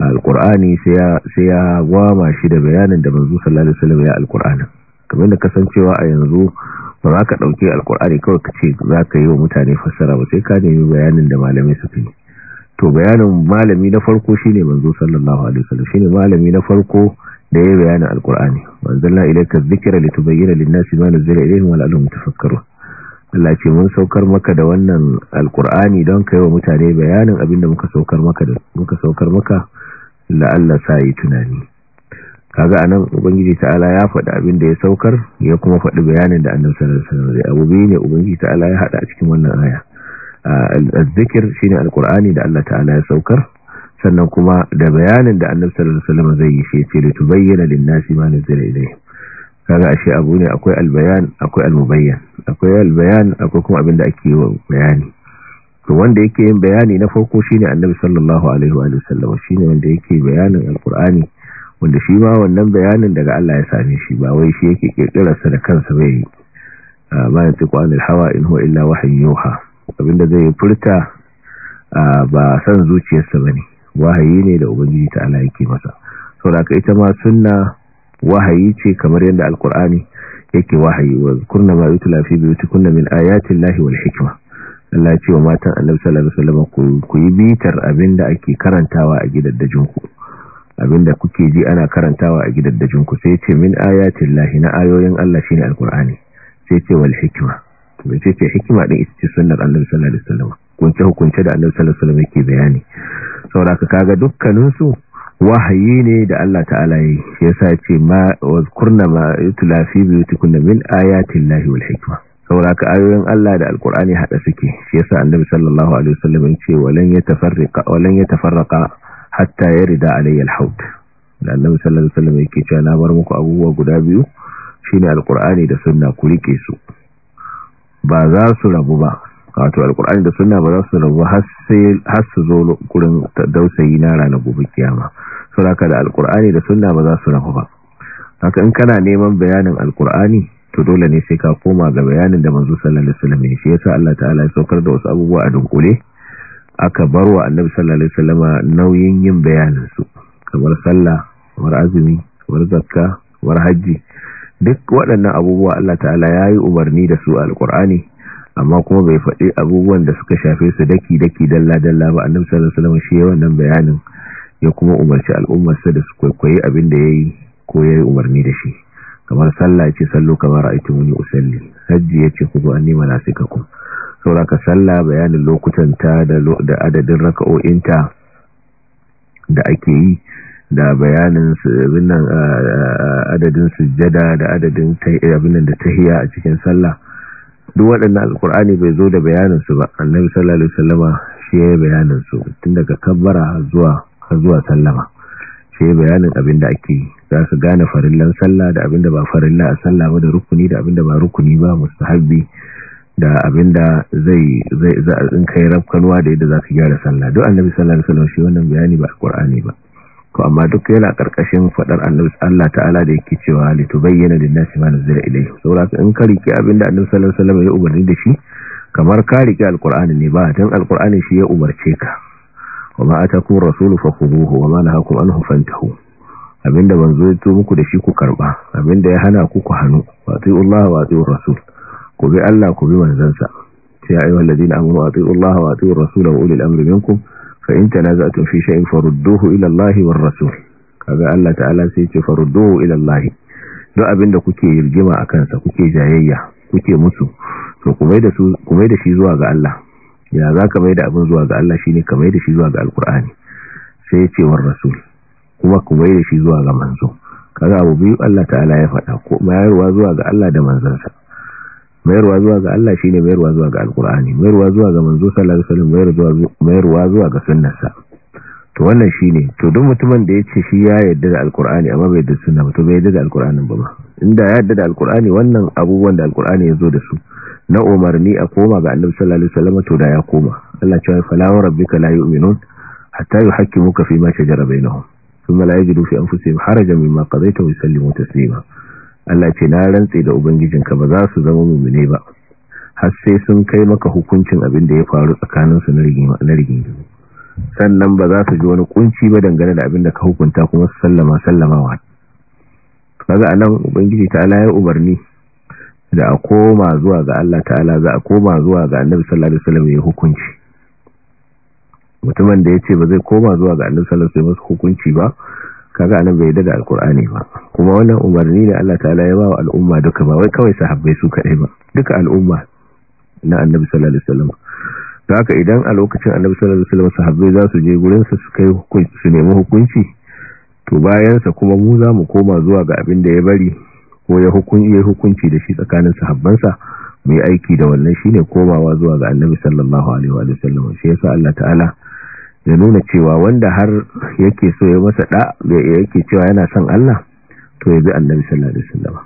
alqur'ani sai ya gwama shi da bayanin da manzo sallallahu alaihi wasallam ya alkur'ani kamar da kasancewa a yanzu ba za ka ɗauki alkur'ani kawai ka ce za ka yi wa mutane fassara ba sai ka nemi bayanin da malamai suka yi to bayanin malami na farko shine manzo sallallahu alaihi wasallam shine malami na farko da ya bayanin alqur'ani manzalna ilayka dhikra litubayyana lin-nasi ma nazzala ilayhim wa la'allahum yatafakkarun Allah ce mun saukar maka da wannan alqur'ani don kai wa mutane bayanin abinda muka saukar maka da muka saukar maka la'alla sai tunani kaga anan ubangiji ta'ala ya faɗi abinda ya saukar ya kuma faɗi bayanin da annabi sallallahu alaihi wasallam zai ne ubangiji ta'ala ya hada a cikin wannan aya Al-zikir azzikir shine alkur'ani da Allah ta'ala ya saukar sannan kuma da bayanin da annabi sallallahu alaihi wasallam zai yi shi ce da tubayyana lin-nasi ma nazila ilayhi kaga ashe abu ne akwai albayan akwai almubayyan akwai albayan akwai kuma abin ake yi bayani to wanda yake yin bayani na farko shine annabi sallallahu alaihi wa sallam shine wanda yake bayanin al alkur'ani wanda shi ma wannan bayanin daga Allah ya same shi ba wai shi yake kirkirar sa da kansa bai ba ya tsiku anil hawa in huwa illa wahyu yuha abinda zai yi furta ba san zuciyarsa ba ne. wahayi ne da ubangiji ta ala yake masa sauraka ita ma suna wahayi ce kamar yadda alkur'ani yake wahayi wa kurna ma biyu fi biyutikunna min ayati lahi wal hikima Allah ce wa matan Annabi sallallahu alaihi wasallam ku yi bitar abinda ake karantawa a gidaddajin ku abinda kuke ji ana karantawa a gidaddajin ku sai ce min ayati na ayoyin Allah shine alkur'ani sai ce wal hikima to ce hikima din ita ce sunnar annabi sallallahu alaihi wasallam kunce hukunce da annabi sallallahu alaihi wasallam yake bayani saboda ka kaga dukkanin su wahayi ne da Allah ta'ala yi shi yasa ce ma wazkurna ma yutla fi biyutikunna min ayati llahi wal hikma saboda ka ayoyin Allah da alqur'ani hada suke shi yasa annabi sallallahu alaihi wasallam ya ce walan yatafarraqa walan yatafarraqa hatta yarida alayya al-haut da annabi sallallahu alaihi wasallam yake cewa na bar muku abubuwa guda biyu shine alqur'ani da sunna ku rike su ba za su rabu ba wato alkur'ani da sunna ba za su rabu har su zo kurin dausayi na ranar gobe kiyama saboda da alkur'ani da sunna ba za su rabu ba haka in kana neman bayanin alkur'ani to dole ne sai ka koma ga bayanin da manzo sallallahu alaihi wasallam shi yasa Allah ta'ala ya saukar da wasu abubuwa a dunkule aka wa annabi sallallahu alaihi wasallama nauyin yin bayanin su kamar sallah kamar azumi kamar zakka kamar hajji. duk waɗannan abubuwa Allah ta'ala ya yi umarni da su alkur'ani amma kuma bai faɗi abubuwan da suka shafe su daki daki dalla dalla ba annabi sallallahu alaihi wasallam shi wannan bayanin ya kuma umarci al'ummarsa da su kwaikwayi abin da yayi ko yayi umarni da shi kamar sallah yace sallu kamar muni usalli hajji yace kudu anni manasikakum sauraka sallah bayanin lokutan ta da adadin raka'o'inta da ake yi da bayanin abinnan adadin sujjada da adadin abinnan da tahiya a cikin sallah duk waɗannan alkur'ani bai zo da bayanin su ba annabi sallallahu alaihi wasallama shi ya bayanin su tun daga kabbara zuwa zuwa sallama shi ya bayanin abin da ake za su gane farillan sallah da abin da ba farilla a sallah ba da rukuni da abin da ba rukuni ba mustahabbi da abinda zai zai in kai rafkanuwa da yadda za su gyara sallah duk annabi sallallahu alaihi wasallama shi wannan bayani ba alkur'ani ba ko amma duk yana karkashin fadar annabi Allah ta'ala da yake cewa li tubayyana lin-nasi ma nuzila ilayhi saboda in ka rike abinda annabi sallallahu alaihi wasallam ya umarni da shi kamar ka rike alqur'ani ne ba dan alqur'ani shi ya umarce ka wama atakum rasulu fakhuduhu wama nahakum anhu fantahu abinda banzo ya to muku da shi ku karba abinda ya hana ku ku hanu wati'ullahi wa ati'ur rasul ku bi Allah ku bi manzansa ya ayyuhalladhina amanu wati'ullahi wa ati'ur rasul wa ulil amri minkum fa in tanaza'tum fi shay'in farudduhu ila Allah war rasul kaga Allah ta'ala sai ce farudduhu ila Allah duk abinda kuke yirgima akan sa kuke jayayya kuke musu to ku da su ku da shi zuwa ga Allah ya zaka mai da abin zuwa ga Allah shine ka mai da shi zuwa ga alqur'ani sai ce war rasul kuma ku mai da shi zuwa ga manzo kaga abu biyu Allah ta'ala ya faɗa ko mayarwa zuwa ga Allah da manzansa mayarwa zuwa ga Allah shine mayarwa zuwa ga alkur'ani mayarwa zuwa ga manzo sallallahu alaihi wasallam mayarwa zuwa ga sunnarsa to wannan shi ne to duk mutumin da ya ce shi ya yarda da alkur'ani amma bai da sunna ba to bai yarda da alkur'anin ba ba inda ya yarda da alkur'ani wannan abubuwan da alkur'ani ya zo da su na umarni a koma ga annabi sallallahu alaihi wasallam to da ya koma Allah ya ce fala rabbika la yu'minun hatta muka fi ma shajara bainahum thumma la yajidu fi anfusihim harajan mimma qadayta wa yusallimu taslima Allah ce na rantse da ubangijinka ba za su zama mummune ba har sai sun kai maka hukuncin abin da ya faru tsakaninsu na rigima sannan ba za su ji wani kunci ba dangane da abin da ka hukunta kuma su sallama sallamawa kaga anan ubangiji Allah ya umarni da a koma zuwa ga Allah ta'ala za a koma zuwa ga annabi sallallahu alaihi wasallam ya hukunci mutumin da yace ba zai koma zuwa ga annabi sallallahu alaihi wasallam hukunci ba kaga anan bai daga alkur'ani ba kuma wannan umarni ne Allah ta'ala ya wa al'umma duka ba wai kawai sahabbai su kadai ba duka al'umma na annabi sallallahu alaihi wasallam da haka idan a lokacin annabi sallallahu alaihi wasallam sahabbai za su je gurin sa su kai hukunci su nemi hukunci to bayan sa kuma mu za mu koma zuwa ga abin da ya bari ko ya hukunci ya hukunci da shi tsakanin sahabbansa sa mu yi aiki da wannan shine komawa zuwa ga annabi sallallahu alaihi wasallam shi yasa Allah ta'ala da nuna cewa wanda har yake so ya masa da yake cewa yana son Allah to ya bi annabi sallallahu alaihi wasallam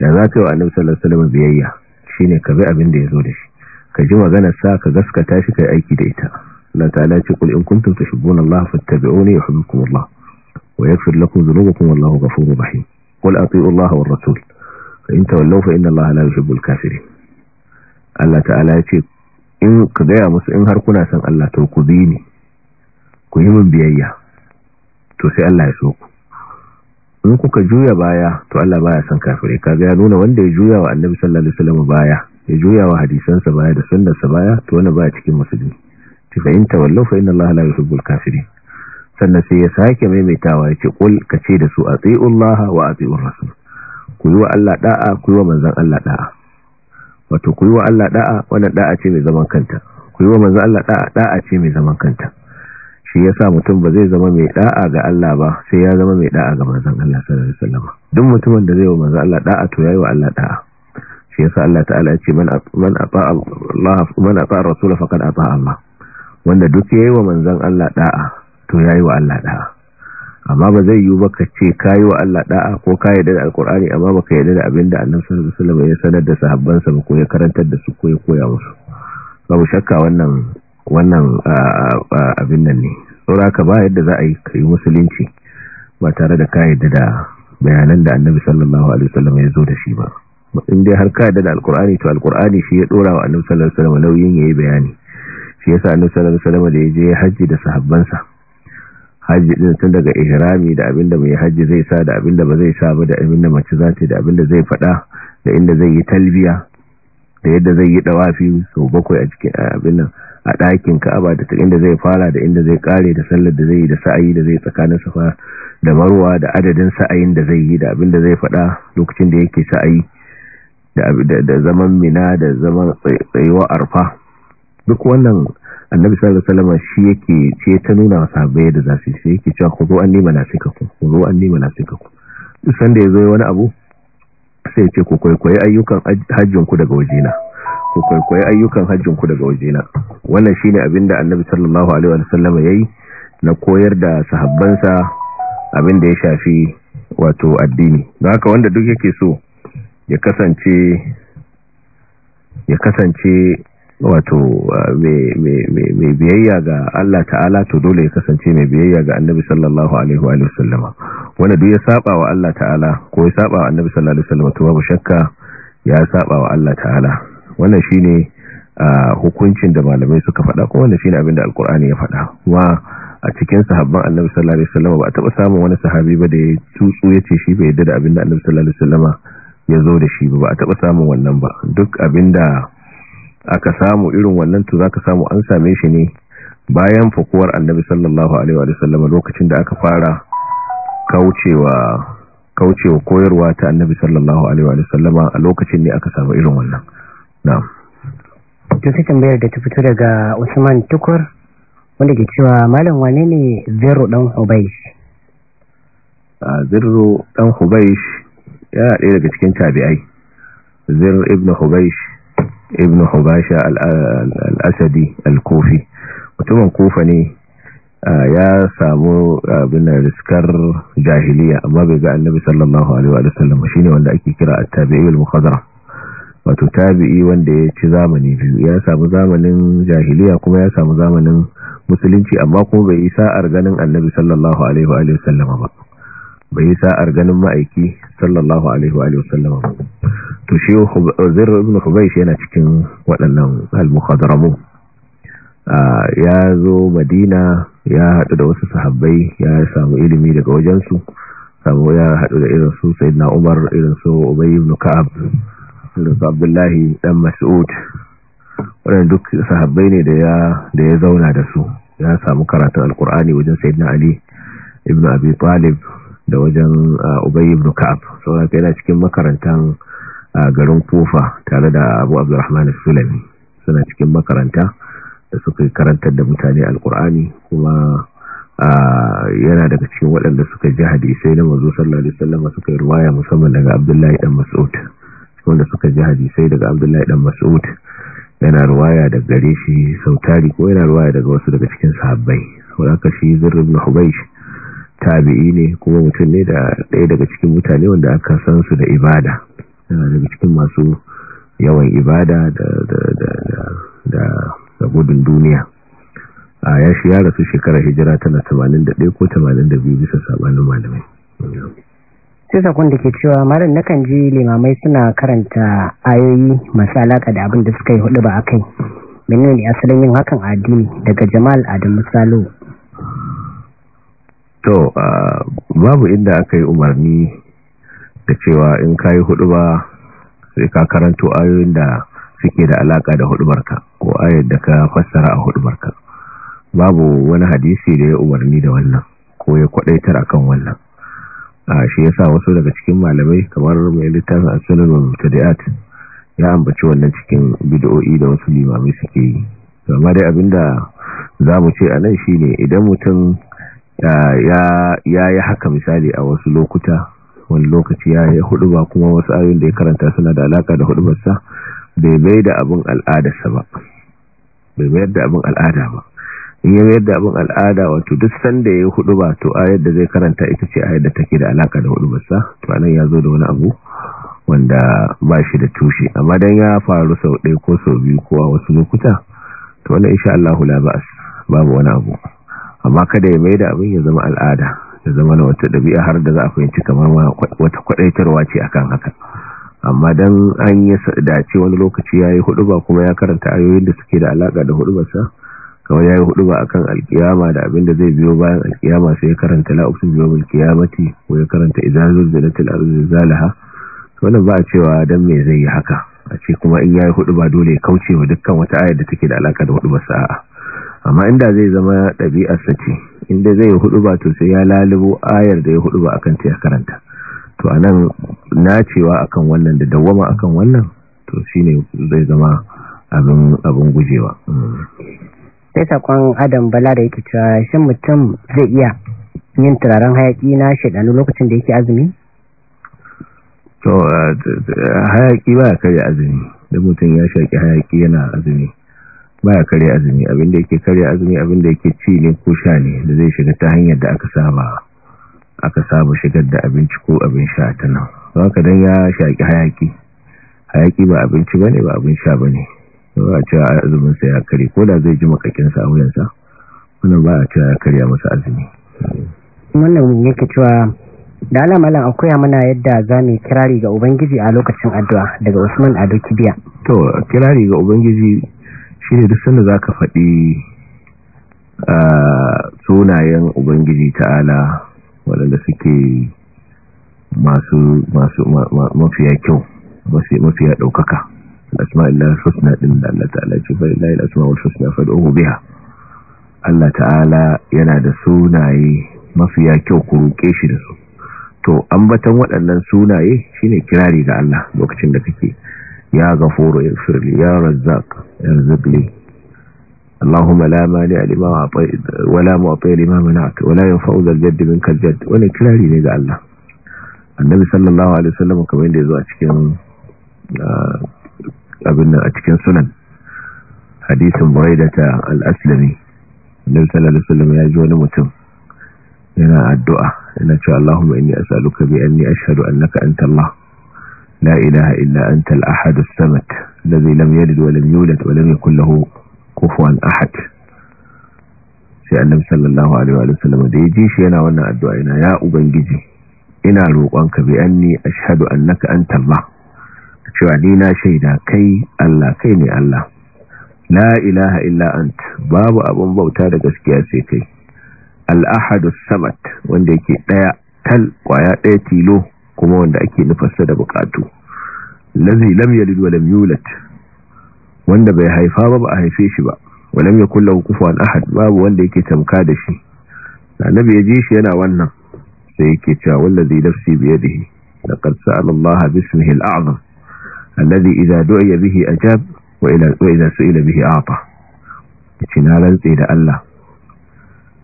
da za ka yi wa annabi sallallahu alaihi wasallam biyayya shine ka bi abin da ya zo da shi ka ji maganar sa ka gaskata shi kai aiki da ita Allah ta'ala ya ce kul in kuntum tuhibbuna Allah fattabi'uni yuhibbukum Allah wa yaghfir lakum dhunubakum wallahu ghafurur rahim qul ati'u Allah war rasul fa in tawallaw fa inna Allah la yuhibbul kafirin Allah ta'ala ya ce in ka gaya musu in har kuna son Allah to ku bi ni ku yi min biyayya to sai Allah ya so ku in kuka juya baya to Allah baya son kafire kaga ya nuna wanda ya juya wa annabi sallallahu alaihi wasallam baya ya juya wa hadisansa baya da sunnarsa baya to wannan baya cikin musulmi fa in tawallu fa inna Allah la yuhibbul kafirin sannan sai ya sake maimaitawa ce kul kace da su atiullaha wa atiur rasul ku yi wa Allah da'a ku yi wa manzon Allah da'a wato ku yi wa Allah da'a wannan da'a ce mai zaman kanta ku yi wa manzon Allah da'a da'a ce mai zaman kanta shi ya sa mutum ba zai zama mai da'a ga Allah ba sai ya zama mai da'a ga manzan Allah sallallahu alaihi wasallam duk mutumin da zai wa manzan Allah da'a to yayi wa Allah da'a shi yasa Allah ta'ala ya ce man a Allah man ata'a rasul faqad wanda duk yayi wa manzan Allah da'a to yayi wa Allah da'a amma ba zai yiwu ba ka ce kayi wa Allah da'a ko ka yarda da alkur'ani amma baka yarda da abinda annabi sallallahu alaihi wasallam ya sanar da sahabbansa ba ko ya karantar da su ko ya koya musu babu shakka wannan wannan abin nan ne ka ba yadda za a yi kai musulunci ba tare da ka yadda da bayanan da annabi sallallahu alaihi wasallam ya zo da shi ba in dai har ka yadda da alkur'ani to alkur'ani shi ya dora wa annabi sallallahu alaihi wasallam nauyin yayi bayani shi yasa annabi sallallahu alaihi wasallam da ya je haji da sahabbansa hajji din tun daga ihrami da abinda mai hajji zai sa da abinda ba zai sa ba da abinda mace za ta da abinda zai fada da inda zai yi talbiya da yadda zai yi dawafi sau bakwai a cikin abin nan a ɗakin ka'aba da inda zai fara da inda zai kare da sallar da zai yi da sa'ayi da zai tsakanin safa da marwa da adadin sa'ayin da zai yi da abin da zai faɗa lokacin da yake sa'ayi da zaman mina da zaman tsayuwa arfa duk wannan annabi sallallahu alaihi wasallam shi yake ce ta nuna masa bai da zafi shi yake cewa ku zo an nima na sika ku zo an nima duk sanda yazo wani abu sai ya ce ku kwaikwayi ayyukan hajjin ku daga wajena ku kwaikwayi ayyukan hajjinku daga wajena wannan ne abin da annabi sallallahu alaihi wasallam yi na koyar da sahabbansa abin da ya shafi wato addini don haka wanda duk yake so ya kasance ya kasance wato mai biyayya ga Allah ta'ala to dole ya kasance mai biyayya ga annabi sallallahu alaihi wa sallama wanda duk ya saba wa Allah ta'ala ko ya saba wa annabi sallallahu alaihi wa sallama to babu shakka ya saba wa Allah ta'ala wannan shi ne hukuncin da malamai suka faɗa kuma wannan shi abin da alkur'ani ya faɗa kuma a cikin sahabban annabi sallallahu alaihi wasallam ba a taɓa samun wani sahabi ba da ya tutsu ya ce shi bai yadda da abin annabi sallallahu alaihi wasallam ya zo da shi ba a taɓa samun wannan ba duk abinda aka samu irin wannan to zaka samu an same shi ne bayan fukuwar annabi sallallahu alaihi wasallam lokacin da aka fara kaucewa kaucewa koyarwa ta annabi sallallahu alaihi wasallam a lokacin ne aka samu irin wannan na'am to sai tambayar da ta fito daga Usman Tukur wanda ke cewa malam wane ne Zero dan Hubaysh a Zero dan Hubaysh yana ɗaya daga cikin tabi'ai Zero ibn Hubaysh ibn Hubasha al alkofi mutumin kofa ne ya samu abin da riskar jahiliya amma bai ga annabi sallallahu alaihi wa sallam shine wanda ake kira at-tabi'i al-mukhazara wato tabi'i wanda ya ci zamani biyu ya samu zamanin jahiliya kuma ya samu zamanin musulunci amma kuma bai yi sa'ar ganin annabi sallallahu alaihi wa sallama ba bai yi sa'ar ganin ma'aiki sallallahu alaihi wa sallama ba to shi zir ibn hubaysh yana cikin waɗannan al mukhadaramu ya zo madina ya haɗu da wasu sahabbai ya samu ilimi daga wajensu samu ya haɗu da irin su sayyidina umar irin su ubay ibn ka'ab daga abdullahi dan mas'ud waɗanda duk sahabbai ne da ya zauna da su ya samu karatun alkur'ani wajen sayyidina ali ibn abi talib da wajen uh, ubayi ibn ka'ab saboda yana cikin makarantan uh, garin kufa tare da abu abdurrahman sulami suna cikin makaranta da suka karantar da mutane alkur'ani kuma uh, yana daga cikin waɗanda suka ji hadisai na mazu sallallahu alaihi wasallam suka yi ruwaya musamman daga abdullahi dan mas'ud wanda suka ji hadisai daga abdullahi dan mas'ud yana ruwaya da gare shi sautari ko yana ruwaya daga wasu daga cikin sahabbai saboda shi zirr ibn hubaysh tabi'i ne kuma mutum ne da ɗaya daga cikin mutane wanda aka san su da ibada yana daga cikin masu yawan ibada da da gudun duniya a ya shi ya rasu shekarar hijira tana 81 ko 82 bisa sabanin malamai sai sakon da ke cewa malam nakan ji limamai suna karanta ayoyi masu alaƙa da abin da suka yi hudu ba a kai menene ne asalin yin hakan addini daga jamal adamu misalo to babu inda aka yi umarni da cewa in ka yi hudu ba sai ka karanto ayoyin da suke da alaƙa da barka ko ayar da ka fassara a barka babu wani hadisi da ya umarni da wannan ko ya kwadaitar akan wannan a shi sa wasu daga cikin malamai kamar mai littafin as-sunan ya ambaci wannan cikin bid'o'i da wasu limamai suke yi amma dai abinda za mu ce anan shine idan mutum ya yi haka misali a wasu lokuta wani lokaci ya yi ba kuma wasu ayoyin da ya karanta suna da alaka da hudu bai mai da abin al'adarsa ba bai da abin al'ada ba ya mayar da abin al'ada wato duk sanda ya yi hudu ba to a yadda zai karanta ita ce yadda yadda take da alaka da hudu basa to anan ya zo da wani abu wanda ba shi da tushe amma dan ya faru sau ɗaya ko sau biyu ko a wasu lokuta to wannan insha Allah labas babu wani abu amma kada ya mai da abin ya zama al'ada ya zama na wata ɗabi'a har da za a fahimci kamar wata kwaɗaitarwa ce akan haka amma dan an yi dace wani lokaci yayi hudu ba kuma ya karanta ayoyin da suke da alaka da hudu basa kawai ya yi hudu ba akan alkiyama da abin da zai biyo bayan alkiyama sai ya karanta la'uksun biyo bil kiyamati ko ya karanta izazul zinatul zalaha wannan ba a cewa dan me zai yi haka a ce kuma in ya yi hudu ba dole ya kauce wa dukkan wata ayar da take da alaka da hudu ba sa'a amma inda zai zama sa ce inda zai yi hudu ba to sai ya lalubo ayar da ya hudu ba akan ta ya karanta to a nan cewa akan wannan da dawwama akan wannan to shine zai zama abin gujewa hmm. sai sakon adam bala da yake cewa shin mutum zai iya yin turaren hayaki na shaidanu lokacin da yake azumi to hayaki ba ya karya azumi da mutum ya shaƙi hayaki yana azumi ba ya karya azumi abinda yake karya azumi abinda yake ci ne ko sha ne da zai shiga ta hanyar da aka saba aka saba shigar da abinci ko abin sha ta nan don ka don ya shaƙi hayaki hayaki ba abinci ba ne ba abin sha ba ne ba a cewa azumin ya kare ko da zai ji makakin sa wuyansa, sa wannan ba a cewa ya karya masa azumi wannan yake cewa da ala malam akwai mana yadda za mu kirari ga ubangiji a lokacin addu'a daga Usman Ado Kibiya to kirari ga ubangiji shine duk sanda ka faɗi sunayen ubangiji ta'ala waɗanda suke masu masu mafiya kyau mafiya ɗaukaka asma'illah husna din da Allah ta'ala ce fa lillahi al-asma'ul husna fad'uhu biha Allah ta'ala yana da sunaye mafiya kyau ku roke shi da su to ambatan waɗannan sunaye shine kirari ga Allah lokacin da kake ya ghafuru ighfir li ya razzaq irzuq li Allahumma la mani al-imam wa la mu'ti al-imam na'at wa la yanfa'u al-jadd minka al-jadd wani kirari ne ga Allah annabi sallallahu alaihi wasallam kamar yadda yazo a cikin abin nan a cikin sunan hadisin buraidata al-aslami sallallahu alaihi ya ji wani mutum yana addu'a yana cewa Allahumma inni as'aluka bi anni ashhadu annaka anta Allah la ilaha illa Antal al-ahad as zai lam yalid wa lam yulad wa lam yakul kufuwan ahad sai annabi sallallahu alaihi wa sallam da yaji shi yana wannan addu'a yana ya ubangiji ina roƙonka bi anni ashhadu annaka anta cewa ni na shaida kai Allah kai ne Allah la ilaha illa ant babu abun bauta da gaskiya sai kai al samad wanda yake daya tal kwaya daya tilo kuma wanda ake nufarsa da bukatu lazi lam yalid wa lam yulad wanda bai haifa ba ba a haife shi ba walam ya yakul lahu kufuwan ahad babu wanda yake tamka da shi annabi ya ji shi yana wannan sai yake cewa wallazi nafsi bi yadihi laqad sa'ala Allah bismihi al-a'zam alladhi idza du'iya bihi ajab wa idza su'ila bihi a'ta na rantse da Allah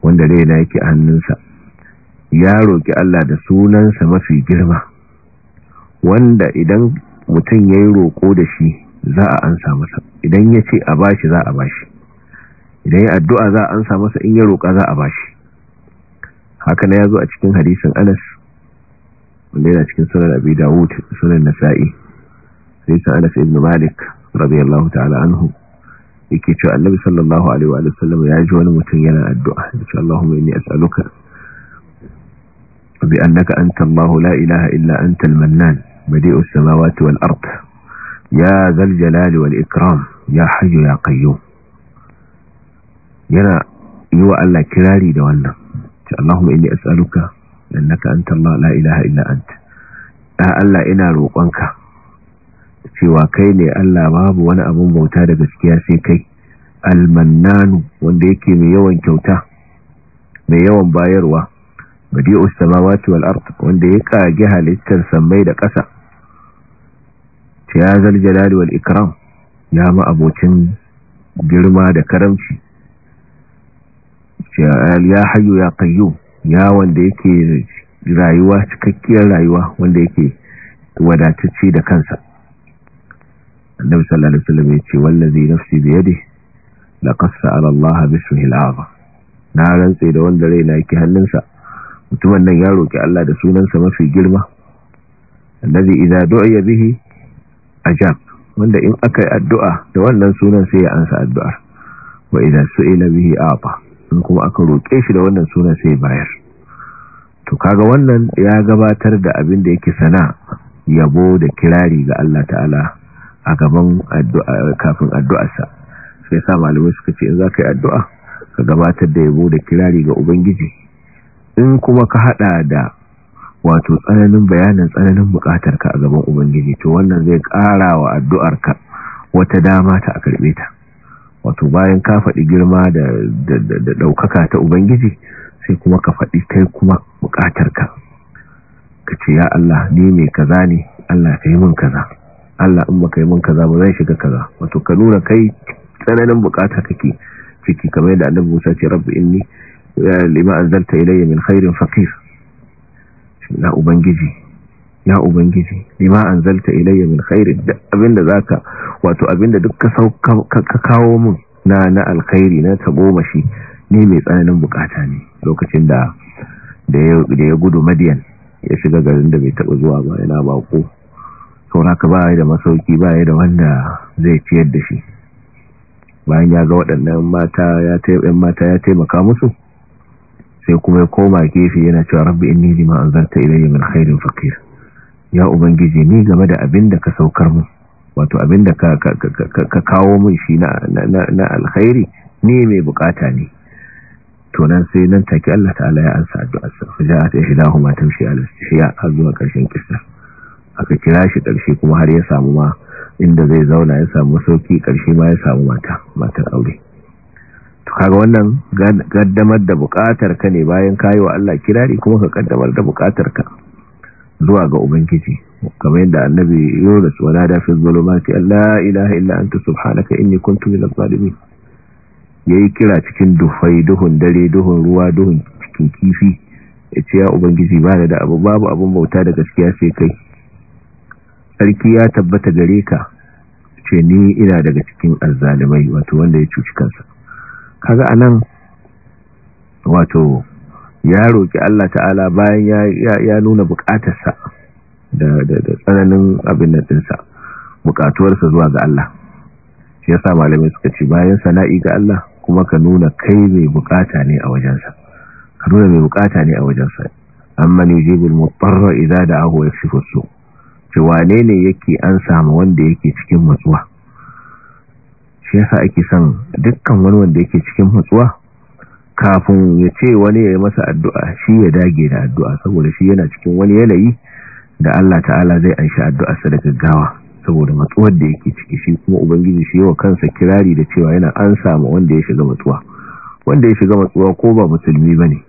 wanda raina yake a hannunsa ya roki Allah da sunansa mafi girma wanda idan mutum yayi roko da shi za a ansa masa idan yace a bashi za a bashi idan ya addu'a za a ansa masa in ya roka za a bashi haka na yazo a cikin hadisin Anas wanda yana cikin sunan Abi Dawud sunan Nasa'i سيد سألك ابن مالك رضي الله تعالى عنه يكي شاء النبي صلى الله عليه وآله وسلم يعجو المتينا الدعاء إن شاء اللهم إني أسألك بأنك أنت الله لا إله إلا أنت المنان مديء السماوات والأرض يا ذا الجلال والإكرام يا حي يا قيوم ينا يوى ألا كراري دولنا اللهم إني أسألك لأنك أنت الله لا إله إلا أنت أهلا إنا روقنك cewa kai ne Allah babu wani abun bauta da gaskiya sai kai almannanu wanda yake mai yawan kyauta mai yawan bayarwa badi'us samawati wal ard wanda ya kage halittar sammai da ƙasa ya zal jalali wal ikram ya ma abocin girma da karamci ya hayyu ya qayyum ya wanda yake rayuwa cikakkiyar rayuwa wanda yake wadatacce da kansa annabi sallallahu alaihi wasallam ya ce wallazi nafsi bi yadihi laqassa ala Allah bismihi al'azam na rantse da wanda raina yake hannunsa mutumin nan ya roki Allah da sunansa mafi girma annabi idza du'iya bihi ajab wanda in aka yi addu'a da wannan sunan sai ya ansa addu'ar wa idza su'ila bihi a'ta in kuma aka roke shi da wannan sunan sai bayar to kaga wannan ya gabatar da abin da yake sana yabo da kirari ga Allah ta'ala a gaban kafin addu'arsa sai sa malamai suka ce in za ka yi addu'a ka gabatar da yabo da kirari ga ubangiji in kuma ka hada da wato tsananin bayanin tsananin bukatarka a gaban ubangiji to wannan zai kara wa addu'arka wata dama ta a karbe ta wato bayan ka faɗi girma da ɗaukaka ta ubangiji sai kuma ka faɗi kai kuma bukatarka ka ce ya Allah ne mai kaza ne Allah ka yi min kaza Allah in baka yi min kaza ba zan shiga kaza wato ka nuna kai tsananin bukata kake ciki kamar yadda annabi Musa ce rabbi inni lima anzalta ilayya min khairin faqir na ubangiji ya ubangiji lima anzalta ilayya min khairin abinda zaka wato abinda duk ka ka kawo mun na na alkhairi na tagomashi ne mai tsananin bukata ne lokacin da da ya gudu madiyan ya shiga garin da bai taba zuwa ba yana bako ka ba da masauki ba da wanda zai ciyar da shi bayan ya ga waɗannan mata mata ya taimaka musu sai kuma ya koma gefe yana cewa rabbi inni lima anzalta ilayya min hairin fakir ya ubangiji ni game da abin da ka saukar mu wato abin da ka kawo mun shi na alkhairi ni mai bukata ne Tunan sai nan take Allah ta'ala ya ansa addu'a matan faja'at ihdahuma tamshi ala istihya zuwa karshen kisa aka kira shi ƙarshe kuma har ya samu ma inda zai zauna ya samu sauki ƙarshe ma ya samu mata matar aure to kaga wannan gaddamar da buƙatar ka ne bayan kayi wa Allah kirari kuma ka gaddamar da buƙatar ka zuwa ga ubangiji kamar yadda annabi Yunus wala da fi zulumati Allah ilaha illa anta subhanaka inni kuntu minaz zalimin yayi kira cikin dufai duhun dare duhun ruwa duhun cikin kifi yace ya ubangiji ba da abu babu abun bauta da gaskiya sai kai sarki ya tabbata gare ka ce ni ina daga cikin azzalimai wato wanda ya cuci kansa kaga anan wato ya roki Allah ta'ala bayan ya nuna bukatarsa da tsananin abin daɗinsa, dinsa bukatuwarsa zuwa ga Allah shi yasa malamai suka ce bayan sana'i ga Allah kuma ka nuna kai mai bukata ne a wajensa ka nuna mai bukata ne a wajensa amma ne jibul mutarra idza da'ahu yakshifu su' wane ne yake an samu wanda yake cikin matsuwa shi yasa ake san dukkan wani wanda yake cikin matsuwa kafin ya ce wani ya yi masa addu'a shi ya dage da addu'a saboda shi yana cikin wani yanayi da Allah ta'ala zai an addu'a su da gaggawa saboda matsuwar da yake ciki shi kuma ubangiji shi yawa kansa kirari da cewa yana an samu wanda ya shiga matsuwa wanda ya shiga matsuwa ko ba musulmi ba ne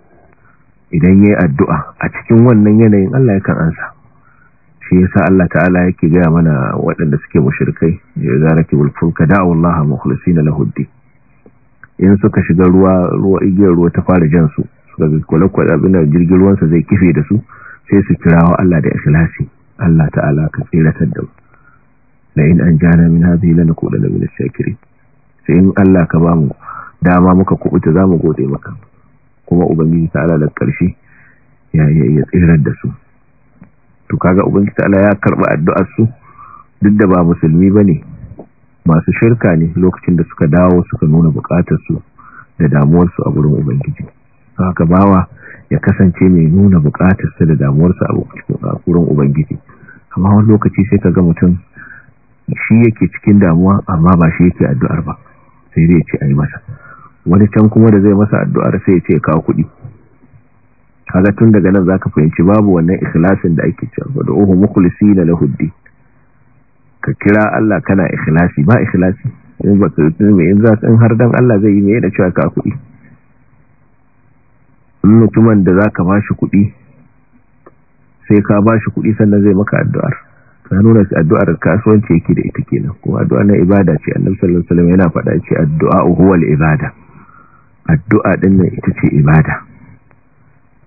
idan ya yi addu'a a cikin wannan yanayin Allah ya kan ansa shi yasa Allah ta'ala yake gaya mana waɗanda suke mushrikai ya zaraki wal fulka da'u Allah na lahu in suka shiga ruwa ruwa igiyar ruwa ta fara jan su suka ga kwalakwal abin da jirgin ruwansa zai kife da su sai su kirawo Allah da ikhlasi Allah ta'ala ka tsiratar da mu la in jana min hadhihi lanakunanna min ash-shakirin sai in Allah ka ba mu dama muka kubuta zamu gode maka kuma ubangiji ta'ala da ƙarshe ya ya tsirar da su to kaga ubangiji Allah ya karba addu'ar su duk da ba musulmi bane masu shirka ne lokacin da suka dawo suka nuna bukatar su da damuwar su a gurin ubangiji haka bawa ya kasance mai nuna bukatar sa da damuwar sa a gurin ubangiji amma wani lokaci sai kaga mutum shi yake cikin damuwa amma ba shi yake addu'ar ba sai dai ya ce ayi masa wani can kuma da zai masa addu'ar sai ya ce kawo kuɗi kaga tun daga nan zaka fahimci babu wannan ikhlasin da ake cewa da uhu mukhlisina lahuddi ka kira Allah kana ikhlasi ba ikhlasi in ba ka in za in har dan Allah zai yi me da cewa ka kuɗi mutumin da zaka bashi kuɗi sai ka bashi kuɗi sannan zai maka addu'ar ka nuna addu'ar kasuwanci yake da ita kenan kuma addu'a na ibada ce annabi sallallahu alaihi wasallam yana faɗa ce addu'a al ibada addu'a din ita ce ibada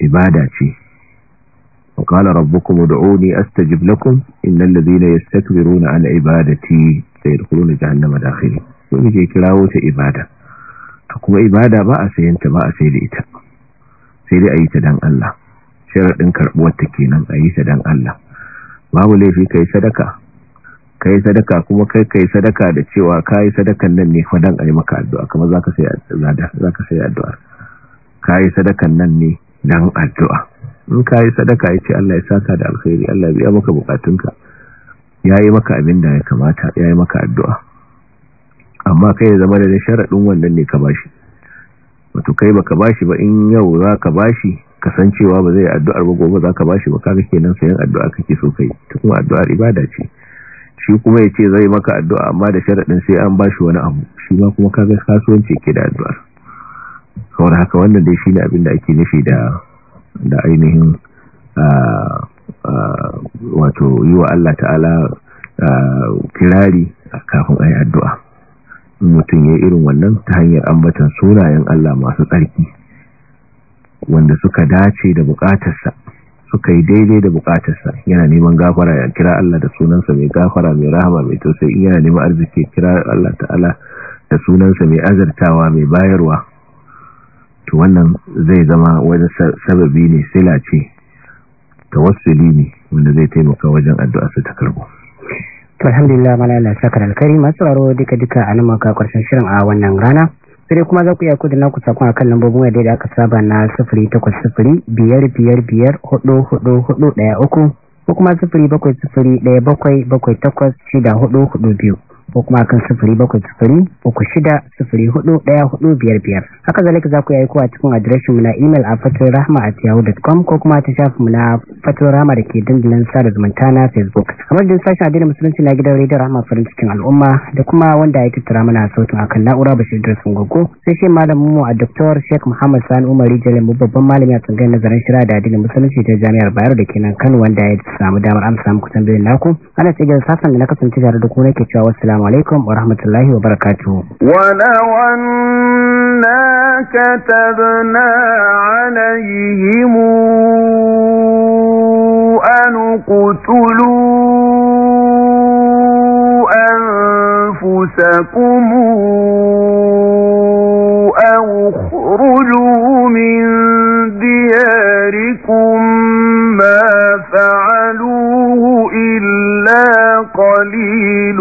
ibada ce wa da oni asta astajib lakum innal ladhina na an ibadati jihannama da dakhirin sai je kirawo ta ibada ta kuma ibada ba a sayan ta ba a sai da ita sai dai yi ta dan Allah sharadin karbuwar ta kenan yi ta dan Allah babu laifi ka yi sadaka ka yi sadaka kuma kai ka yi sadaka da cewa ka yi sadakan nan ne fadan yi maka addu'a kuma za sai sai addu'ar yi sadakan nan ne dan addu'a in ka yi sadaka ya ce Allah ya saka da alkhairi Allah ya biya maka bukatunka ya yi maka abin da ya kamata ya yi maka addu'a amma kai ya zama da sharaɗin wannan ne ka bashi wato kai baka bashi ba in yau za ka bashi kasancewa ba zai addu'ar ba gobe za ka bashi ba Ka kaga kenan sayan addu'a kake so kai ta kuma addu'ar ibada ce shi kuma ya ce zai maka addu'a amma da sharaɗin sai an bashi wani abu shi ma kuma kaga kasuwanci ke da addu'ar kawar haka wannan dai shi ne abin da ake nufi da da ainihin wato yi wa Allah ta'ala kirari kafin ayi addu'a mutum ya irin wannan ta hanyar ambatan sunayen Allah masu tsarki wanda suka dace da bukatarsa suka yi daidai da bukatarsa yana neman gafara ya kira Allah da sunansa mai gafara mai rahama mai tausayi yana neman arziki kira Allah ta'ala da sunansa mai azartawa mai bayarwa to wannan zai zama wani sababi ne sila ce tawassuli ne wanda zai taimaka wajen addu'a su ta karbo to alhamdulillah malala sakar alkari masu raro duka duka a nan karshen shirin a wannan rana sai kuma za ku iya kudin ku sakon akan lambobin wadda da aka saba na 0805 biyar hudu hudu hudu daya uku ko kuma sifiri bakwai sifiri bakwai bakwai takwas shida hudu hudu biyu ko kuma kan sufuri bakwai sifiri uku shida sufuri hudu daya hudu biyar biyar haka zalika za ku yi kowa cikin adireshin mu na imel a fatoyin rahama at com. ko kuma ta shafi mu na fatoyin rahama da ke dandalin sada zumunta na facebook kamar da sashen adinin musulunci na gidan rediyo rahama farin cikin al'umma da kuma wanda ya tattara mana sautin akan na'ura bashir da sun gogo sai shi malamin mu a doktor sheikh muhammad sani umar rijalin mu babban malami a tsangayin nazarin shira da adinin musulunci ta jami'ar bayero da kenan kano wanda ya samu damar amsa muku tambayoyin naku ana da sasan da na kasance tare da ku nake cewa wasu السلام عليكم ورحمة الله وبركاته ولو أنا كتبنا عليهم أن قتلوا أنفسكم أو اخرجوا من دياركم ما فعلوه إلا قليل